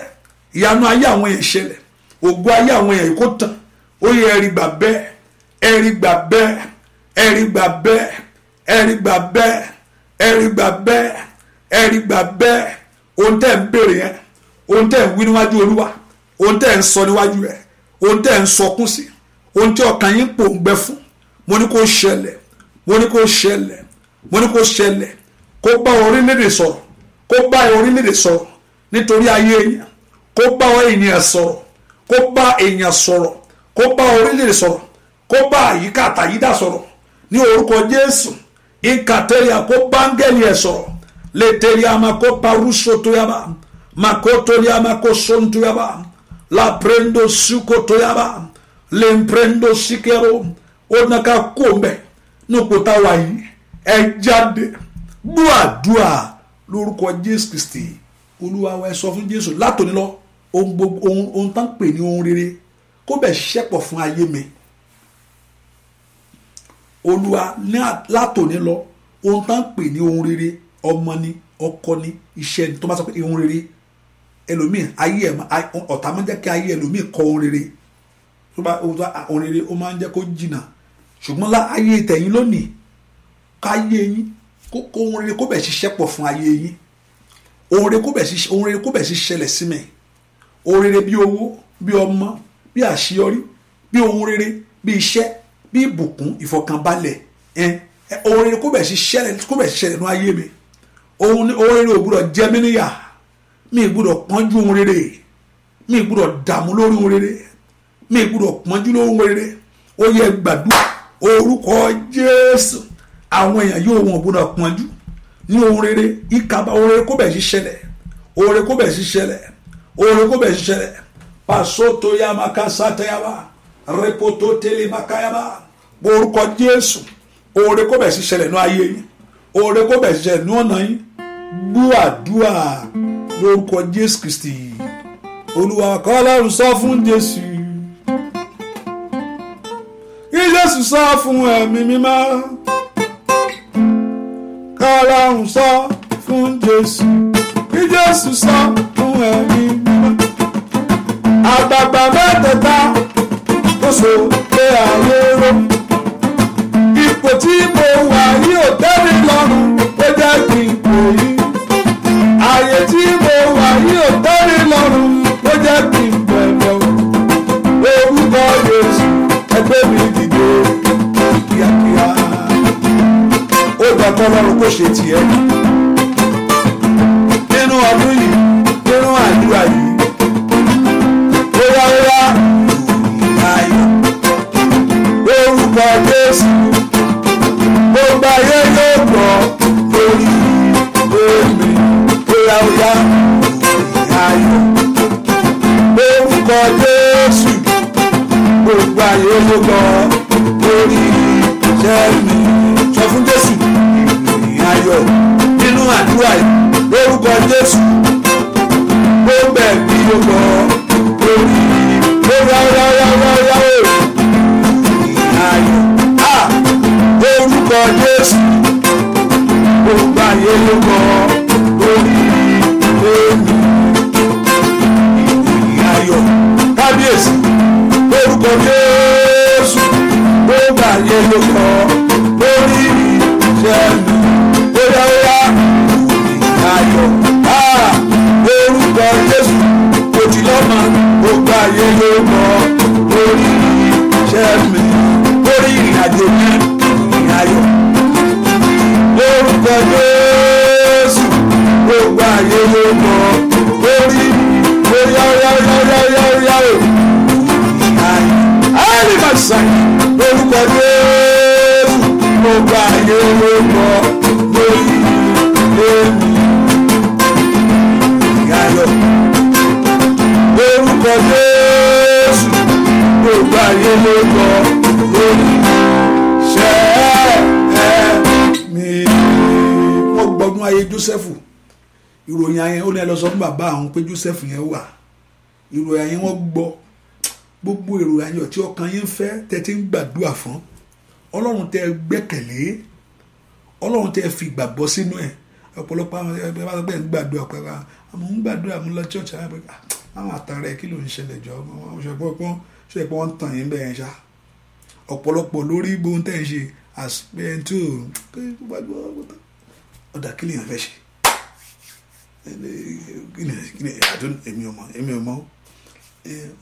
ìyanu ayé àwọn èèyàn ṣẹlẹ̀ ògo ayé àwọn èèyàn kó tàn ó yẹ ẹ̀rí gbà bẹ́ẹ̀ ẹ̀rí gbà bẹ́ẹ̀ ẹ̀rí gbà bẹ́ẹ̀. ẹ̀rí gbà bẹ́ẹ̀ ẹ̀rí gbà bẹ́ẹ̀ ẹ̀rí gbà bẹ́ẹ̀ ohun tẹ́ ń béèrè yẹn ohun tẹ́ ń wí níwájú olúwa ohun tẹ́ ń sọ níwájú rẹ̀ ohun tẹ́ ń sọkún sí ohun tí ọkàn yín pò ń gbẹ fún mo ní kó ṣẹlẹ̀ mo ní kó ṣẹlẹ̀ mo ní kó ṣẹlẹ̀ kó bá orílẹ̀-èdè sọ̀rọ̀ kó bá orílẹ̀-èdè sọ̀rọ̀ nítorí ayé èèyàn kó bá ènìyàn sọ̀rọ̀ kó bá èèyàn sọ̀rọ̀ kó bá orílẹ̀-èdè inkateria ko bangeli ẹ sọ̀rọ̀ leteriama ko yaba, makotoriama ko sontoyaba laprendo sukotoyaba lemprendo sikero ó ná ká kó mbẹ nípò táwa yìí dua dua, gbúàdúà lórúkọ jésù kristi olúwa wa ẹ sọ fún jésù látòní lọ ohun tán pè ní ohun rere kó bẹ ṣẹpọ fún ayé mi olúwa látòní lọ ohun tá ń pè ní ohun rere ọmọ ni ọkọ ni iṣẹ́ ni tó bá sọ pé ohun rere ẹlòmíì ayé ẹ̀ ọ̀tá máa ń jẹ́ kí ayé ẹlòmíì kọ ohun rere tó bá ohun rere ó máa ń jẹ́ kó jìnnà ṣùgbọ́n ayé tẹ̀yìn lónìí káyé yín kó ohun rere kó bẹ̀ ṣiṣẹ́ pọ̀ fún ayé yín ohun rere kó bẹ̀ ṣiṣẹ́lẹ̀ sí mi ohun rere bí owó bí ọmọ bí àṣeyọrí bí ohun rere bí iṣẹ́ bí ìbùkún ìfọkànbalẹ̀ ohun rere kó bẹ̀ sí ṣẹlẹ̀ kó bẹ̀ sí ṣẹlẹ̀ nínú ayé mi ohun rere ò gbúdọ̀ jẹ́ mí níyà mi gbúdọ̀ pọ́njú ohun rere mi gbúdọ̀ dààmú lórí ohun rere mi gbúdọ̀ pọ́njú lórí ohun rere ó yẹ gbàdúrà orúkọ Jésù àwọn èèyàn yóò wọn gbúdọ̀ pọ́njú ní ohun rere ìkàbà ohun rere kó bẹ̀ sí ṣẹlẹ̀ ohun rere kó bẹ̀ sí ṣẹlẹ̀ ohun rere kó bẹ̀ sí ṣẹlẹ̀ pàṣọ tó yá máa ká sátẹ́yàwá repoto tele makayaba orúkọ jésù oore kó bẹ̀rẹ̀ sí ṣẹlẹ̀ ní ayé yín oore kó bẹ̀rẹ̀ sí ṣẹlẹ̀ ní ọ̀nà yín gbúàdúà lórúkọ jésù kristi olúwa kọ́lá ń sọ fún jésù kí jésù sọ fún ẹ̀mí mímọ́ kọ́lá ń sọ fún jésù kí jésù sọ fún ẹ̀mí mímọ́ àgbàgbà mẹ́tẹ̀ẹ̀ta ṣoṣo lé ayé ró. ipò tí mo wà yìí ò tẹ́ mi lọ́rùn ó jẹ́ kí n pè yí. ààyè tí mo wà yìí ò tẹ́ lọ́rùn ó jẹ́ kí n o. orúkọ Jésù ẹgbẹ́ mi dìde kíákíá. ó gbà lọ́rùn kó ṣe tiẹ̀. Oh God. olùṣẹ́ mi. wọ́n gbọ́dún ayé Joseph ìròyìn ayé ó ní ẹ lọ sọ fún bàbá àwọn pé Joseph yẹn wà ìròyìn ayé wọ́n gbọ́ gbogbo ìròyìn ayé ọ̀tí ọkàn yín fẹ́ tẹ́tí ń gbàdúrà fún ọlọ́run tẹ́ gbẹ́kẹ̀lé ọlọ́run tẹ́ fi ìgbàgbọ́ sínú ẹ̀ ọ̀pọ̀lọpọ̀ àwọn ẹgbẹ́ bá gbẹ̀ ń gbàdúrà pẹ̀lú àwọn ń gbàdúrà mú lọ church àwọn àtàrà ẹ̀ kí ló ń ṣẹlẹ̀ jọ ọmọ ṣẹ̀pọ̀ ṣẹ̀pọ̀ ń tàn yín bẹ́ẹ̀ ṣáà ọ̀pọ̀lọpọ̀ lórí gbóhùn tẹ̀ ń ṣe àsìpẹ́ntì ọ̀dà kí lèèyàn fẹ́ ṣe èmi ọmọ èmi ọmọ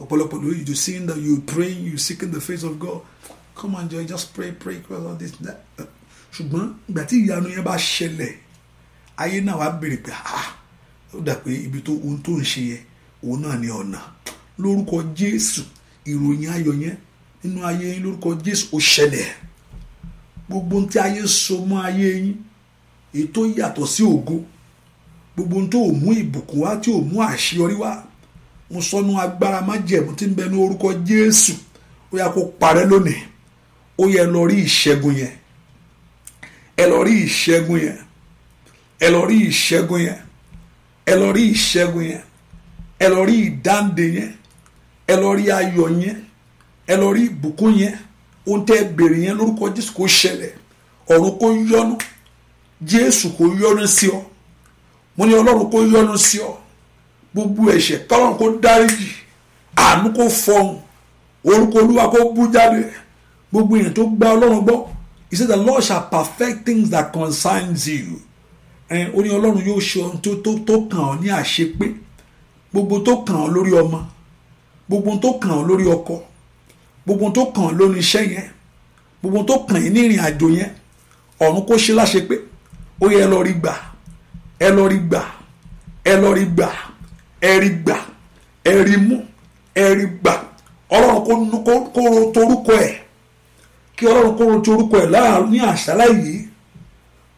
ọ̀pọ̀lọpọ̀ lórí you do sing that you pray you seek in the face of God come and joy just pray pray pray all this that ṣùgbọ́n ìgbà tí ìyanu yẹn bá ṣẹlẹ̀ ayé náà wàá béèrè pé ah ó dà pé ibi tó ohun tó ń ṣe yẹn òun náà ni ọ̀nà lórúkọ Jésù ìròyìn ayọ̀ yẹn nínú ayé yín lórúkọ Jésù ó ṣẹlẹ̀ gbogbo ohun tí ayé so mọ́ ayé yín èyí tó yàtọ̀ sí ògo gbogbo ohun tó ò mú ìbùkún wá tí ò mú àṣeyọrí wá mo sọnù agbára májẹ̀mú tí ń bẹ ní orúkọ Jésù ó yá kó parẹ́ lónìí ó yẹ lọ rí ìṣẹ́gun yẹn ẹ lọ rí ìṣẹ́gun yẹn ẹ lọ rí ìṣẹ́gun yẹn ẹ lọ rí ìṣẹ́gun yẹn ẹ lọ rí ìdáǹdè yẹn ẹ lọ rí ayọ̀ yẹn ẹ lọ rí ìbùkún yẹn ohun tẹ́ ẹ yẹn lórúkọ jésù kò ṣẹlẹ̀ ọ̀run kò yọ́nú jésù kò yọ́nú sí ọ mo ní ọlọ́run kò yọ́nú sí ọ gbogbo ẹ̀ṣẹ̀ kọ́lọ́run kò dáríjì àánú kò fọhùn orúkọ olúwa kò bú jáde gbogbo èèyàn tó gba ọlọ́run gbọ́ he said the Lord shall perfect things that concerns you ó ní ọlọ́run yóò ṣe ohun tó kàn ọ́ ní àṣepé gbogbo tó kàn ọ́ lórí ọmọ gbogbo tó kàn ọ́ lórí ọkọ gbogbo tó kàn lórí iṣẹ́ yẹn gbogbo tó kàn yín ní ìrìn àjò yẹn ọ̀run kó ṣe láṣẹ pé ó yẹ ẹ lọ rí gbà ẹ lọ rí gbà ẹ lọ rí gbà ẹ rí gbà ẹ rí mú ẹ rí gbà ọlọ́run kó ro torúkọ ẹ̀ kí ọlọ́run kó ro torúkọ ẹ̀ láàrin ní àṣálá yìí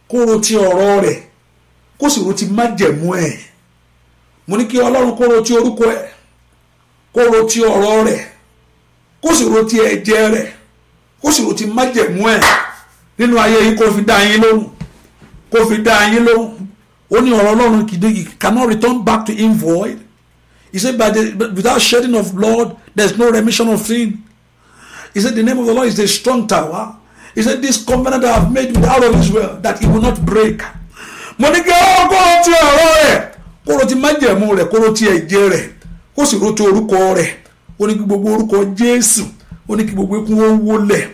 kó ro ti ọ̀rọ̀ rẹ̀ kó sì ro ti májẹ̀mú ẹ̀ mo ní kí ọlọ́run kó ro ti orúkọ ẹ̀ kó ro ti ọ̀rọ̀ rẹ̀ kó sì ro ti ẹ̀jẹ̀ rẹ̀ kó sì ro ti májẹ̀mú ẹ̀ nínú ayé yìí kó fi dá yín lóhùn kó fi dá yín lóhùn ó ní ọ̀rọ̀ ọlọ́run kìdí you cannot return back to him void he said by the without shedding of blood there is no remission of sin he said the name of the Lord is a strong tower he said this covenant I have made with all of Israel that he will not break mo ní kí ọ kó o ti ọ̀rọ̀ rẹ̀ kó o ti májẹ̀mú rẹ̀ kó o ti ẹ̀jẹ̀ rẹ̀ kó sì ro ti orúkọ rẹ̀ ó ní kí gbogbo orúkọ jésù ó ní kí gbogbo ikú ó wólẹ̀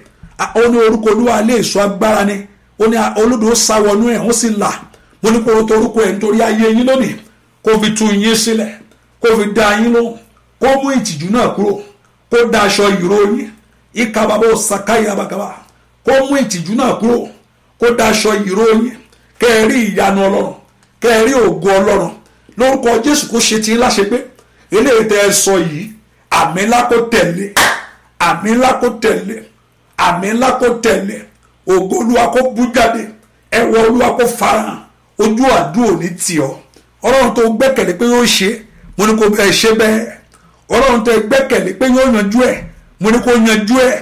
ó ní orúkọ olúwa ilé ìṣọ́ agbára ni ó ní olódò sáwọnú ẹ̀ ó sì là mo ní kó o torúkọ ẹ̀ nítorí ayé yín lónìí kó fi tú yín sílẹ̀ kó fi dá yín lóhùn kó mú ìtìjú náà kúrò kó da aṣọ ìró yín ìkàbàbọ̀ sàkáyàbàkàbà kó mú ìtìjú náà kúrò kó da aṣọ ìró yín kẹ́ ẹ rí ìyanu ọlọ́run kẹ́ ẹ rí ògo ọlọ́run lórúkọ jésù kó ṣe ti láṣepé eléyìí tẹ́ ẹ sọ yìí àmì ńlá kó tẹ̀lé àmì ńlá kó tẹ̀lé àmì ńlá kó tẹ̀lé ògo olúwa kó bú jáde ẹwọ olúwa kó farahàn ojú àdúrà ní tiọ́ ọlọ́run tó gbẹ́kẹ̀lé pé yóò ṣe mo ní kó ẹ ṣe bẹ́ẹ̀ ọlọ́run tó gbẹ́kẹ̀lé pé yóò yanjú ẹ̀ mo ní kó yanjú ẹ̀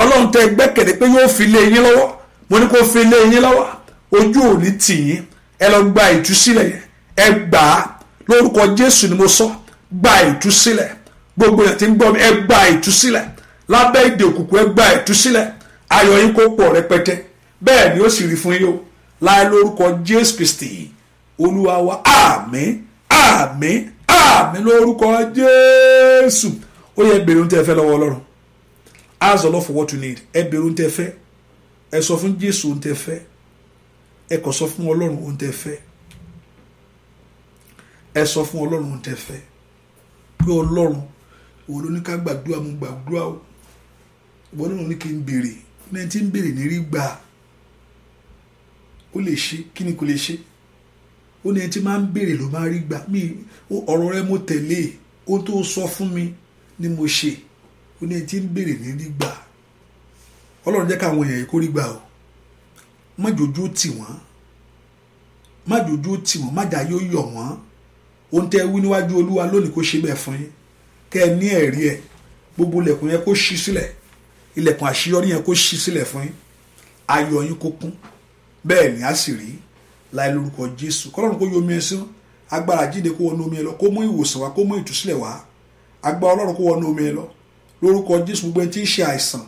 ọlọ́run tó gbẹ́kẹ̀lé pé yóò fi lé yín lọ́wọ́ mo ní kó fi lé yín lọ́wọ́ ojú ò tì yín ẹ lọ gba ìtúsílẹ̀ ẹ gbà á lórúkọ jésù ni mo sọ gba ìtúsílẹ̀ gbogbo yẹn ti ń gbọ́ mi ẹ gba ìtúsílẹ̀ lábẹ́ ìdè òkùnkùn ẹ gba ìtúsílẹ̀ ayọ̀ yín kó pọ̀ rẹpẹtẹ bẹ́ẹ̀ ni ó sì rí fún yín o láì lórúkọ Jésù Kristi olúwa wa àmín àmín àmín lórúkọ Jésù ó yẹ bèrè oúnjẹ fẹ́ lọ́wọ́ Ọlọ́run ask the Lord for what you need ẹ bèrè oúnjẹ fẹ́ ẹ sọ fún Jésù oúnjẹ fẹ́ ẹ kò sọ fún Ọlọ́run oúnjẹ fẹ́ ẹ sọ fún Ọlọ́run oúnjẹ fẹ́ pé Ọlọ́run òun ló ní ká gbàdúrà mo gbàdúrà o ìwọ náà ní kí n béèrè ní ẹni tí ń béèrè ní gbà ó lè ṣe kí ni kò lè ṣe ó ní ẹni tí máa ń béèrè ló máa rí gbà mí ọ̀rọ̀ rẹ mo tẹ̀lé ohun tó sọ fún mi ni mo ṣe ó ní ẹni tí ń béèrè ní rí gbà ọlọ́run jẹ́ káwọn èèyàn yìí kó rí gbà o má jòjú tì wọ́n má jòjú tì wọ́n má jà yóò yọ̀ wọ́n ohun tẹ́ wí níwájú olúwa lónìí kó ṣe bẹ́ẹ̀ fún yín kẹ́ ẹ ní ẹ̀rí ẹ gbogbo ilẹ̀kùn yẹn kó ṣí sílẹ̀ ilẹ̀kùn àṣeyọrí yẹn kó ṣí sílẹ̀ fún yín ayọ̀ yín kó kún bẹ́ẹ̀ ni a sì rí láì lórúkọ Jésù kọ́lọ́run kó yomi ẹ sán agbára jíde kó wọnú omi ẹ lọ kó mú ìwòsàn wá kó mú ìtúsílẹ̀ wá agbára Ọlọ́run kó wọnú omi ẹ lọ lórúkọ Jésù gbogbo ẹni tí ń ṣe àìsàn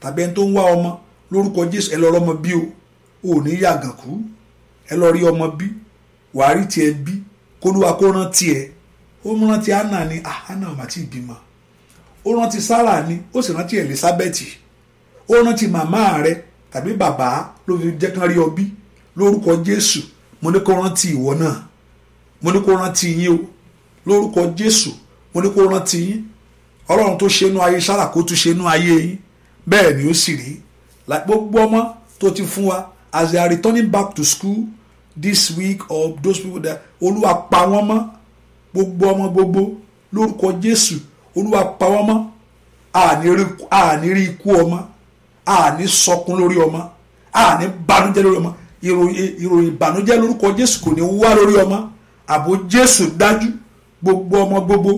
tàbí ẹni tó ń wá ọmọ lórúkọ Jésù ẹ lọ rọmọ bí o ò ní yàgànkú ẹ lọ rí ọmọ bí wàá rí tiẹ̀ bí kólúwa kó rán tiẹ̀ ó rántí anna ni ah, anna ò mà tí ó rántí sarah ni ó sì rántí elizabeth ó rántí màmá rẹ tàbí bàbá ló fi jẹ́ kán rí ọ lórúkọ jésù mo ní kó rántí ìwọ náà mo ní kó rántí yín o lórúkọ jésù mo ní kó rántí yín ọlọ́run tó ṣe inú ayé sarah kó tún ṣe inú ayé yín bẹ́ẹ̀ ni ó sì rí gbogbo ọmọ tó ti fún wa as they are returning back to school this week or those people that olúwa pa wọ́n mọ́ gbogbo ọmọ gbogbo lórúkọ jésù olúwa pa wọ́n mọ́ àní rí ikú ọmọ àní sọkún lórí ọmọ àní banújẹ́ lórí ọmọ ìròyìn ìbànújẹ́ lórúkọ jésù kò ní wá lórí ọmọ àbò jésù dájú gbogbo ọmọ gbogbo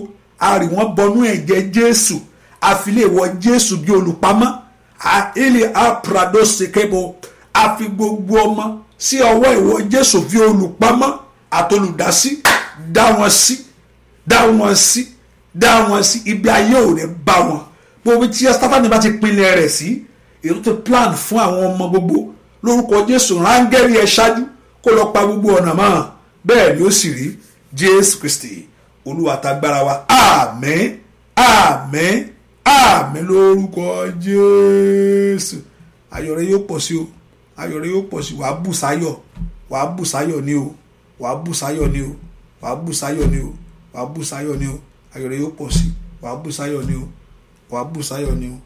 a rì wọ́n bọnú ẹ̀jẹ̀ jésù àfiléwọ jésù bí olùpamọ́ àìlè àpàdó ṣèkébọ àfi gbogbo ọmọ sí ọwọ́ ìwọ jésù bí olùpamọ́ àtolùdásí dá wọn sí. Si dá wọn sí dá wọn sí ibi ayé ò ní bá wọn gbogbo tí sátani bá ti pinlẹ̀ rẹ̀ sí èyí tó plan fún àwọn ọmọ gbogbo lórúkọ jésù rángẹ́rì ẹ̀ ṣáájú kó lọ pa gbogbo ọ̀nà mọ́ bẹ́ẹ̀ ni ó sì rí jésù kristi olúwa tágbára wa àmín àmín àmín lórúkọ jésù ayọ̀ rẹ yóò pọ̀ sí o ayọ̀ rẹ yóò pọ̀ sí wàá bù sáyọ̀ wàá bù sáyọ̀ ni o wàá bù sáyọ̀ ni o wàá bù sáyọ̀ ni o wàá bù sáyọ̀ ni o ayọ̀ yóò pọ̀ sí wàá bù sáyọ̀ ni o wàá bù sáyọ̀ ni o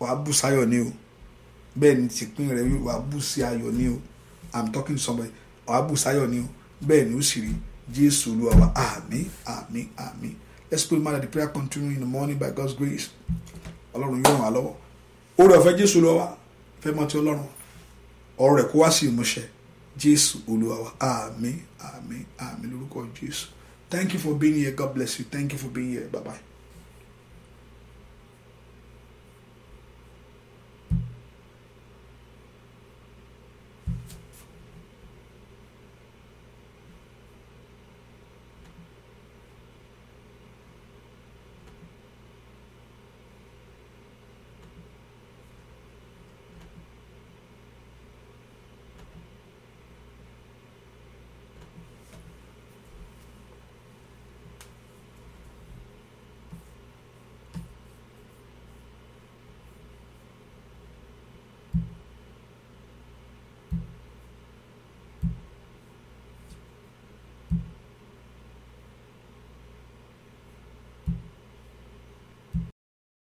wàá bù sáyọ̀ ni o bẹ́ẹ̀ ni tìpín rẹ wàá bù sí ayọ̀ ni o i'm talking to somebody wàá bù sáyọ̀ ni o bẹ́ẹ̀ ni ó sì rí jésù olúwa wa àmín àmín let's pray man that the prayer continue in the morning by God's grace ọlọ́run yóò ràn wá lọ́wọ́ oore ọ̀fẹ́ jésù olúwa fẹ́ mọ́ ti ọlọ́run ọ̀rọ̀ rẹ̀ wá sí ìmúṣẹ jésù olúwa wa àmín àmín lórúkọ jésù. Thank you for being here. God bless you. Thank you for being here. Bye bye.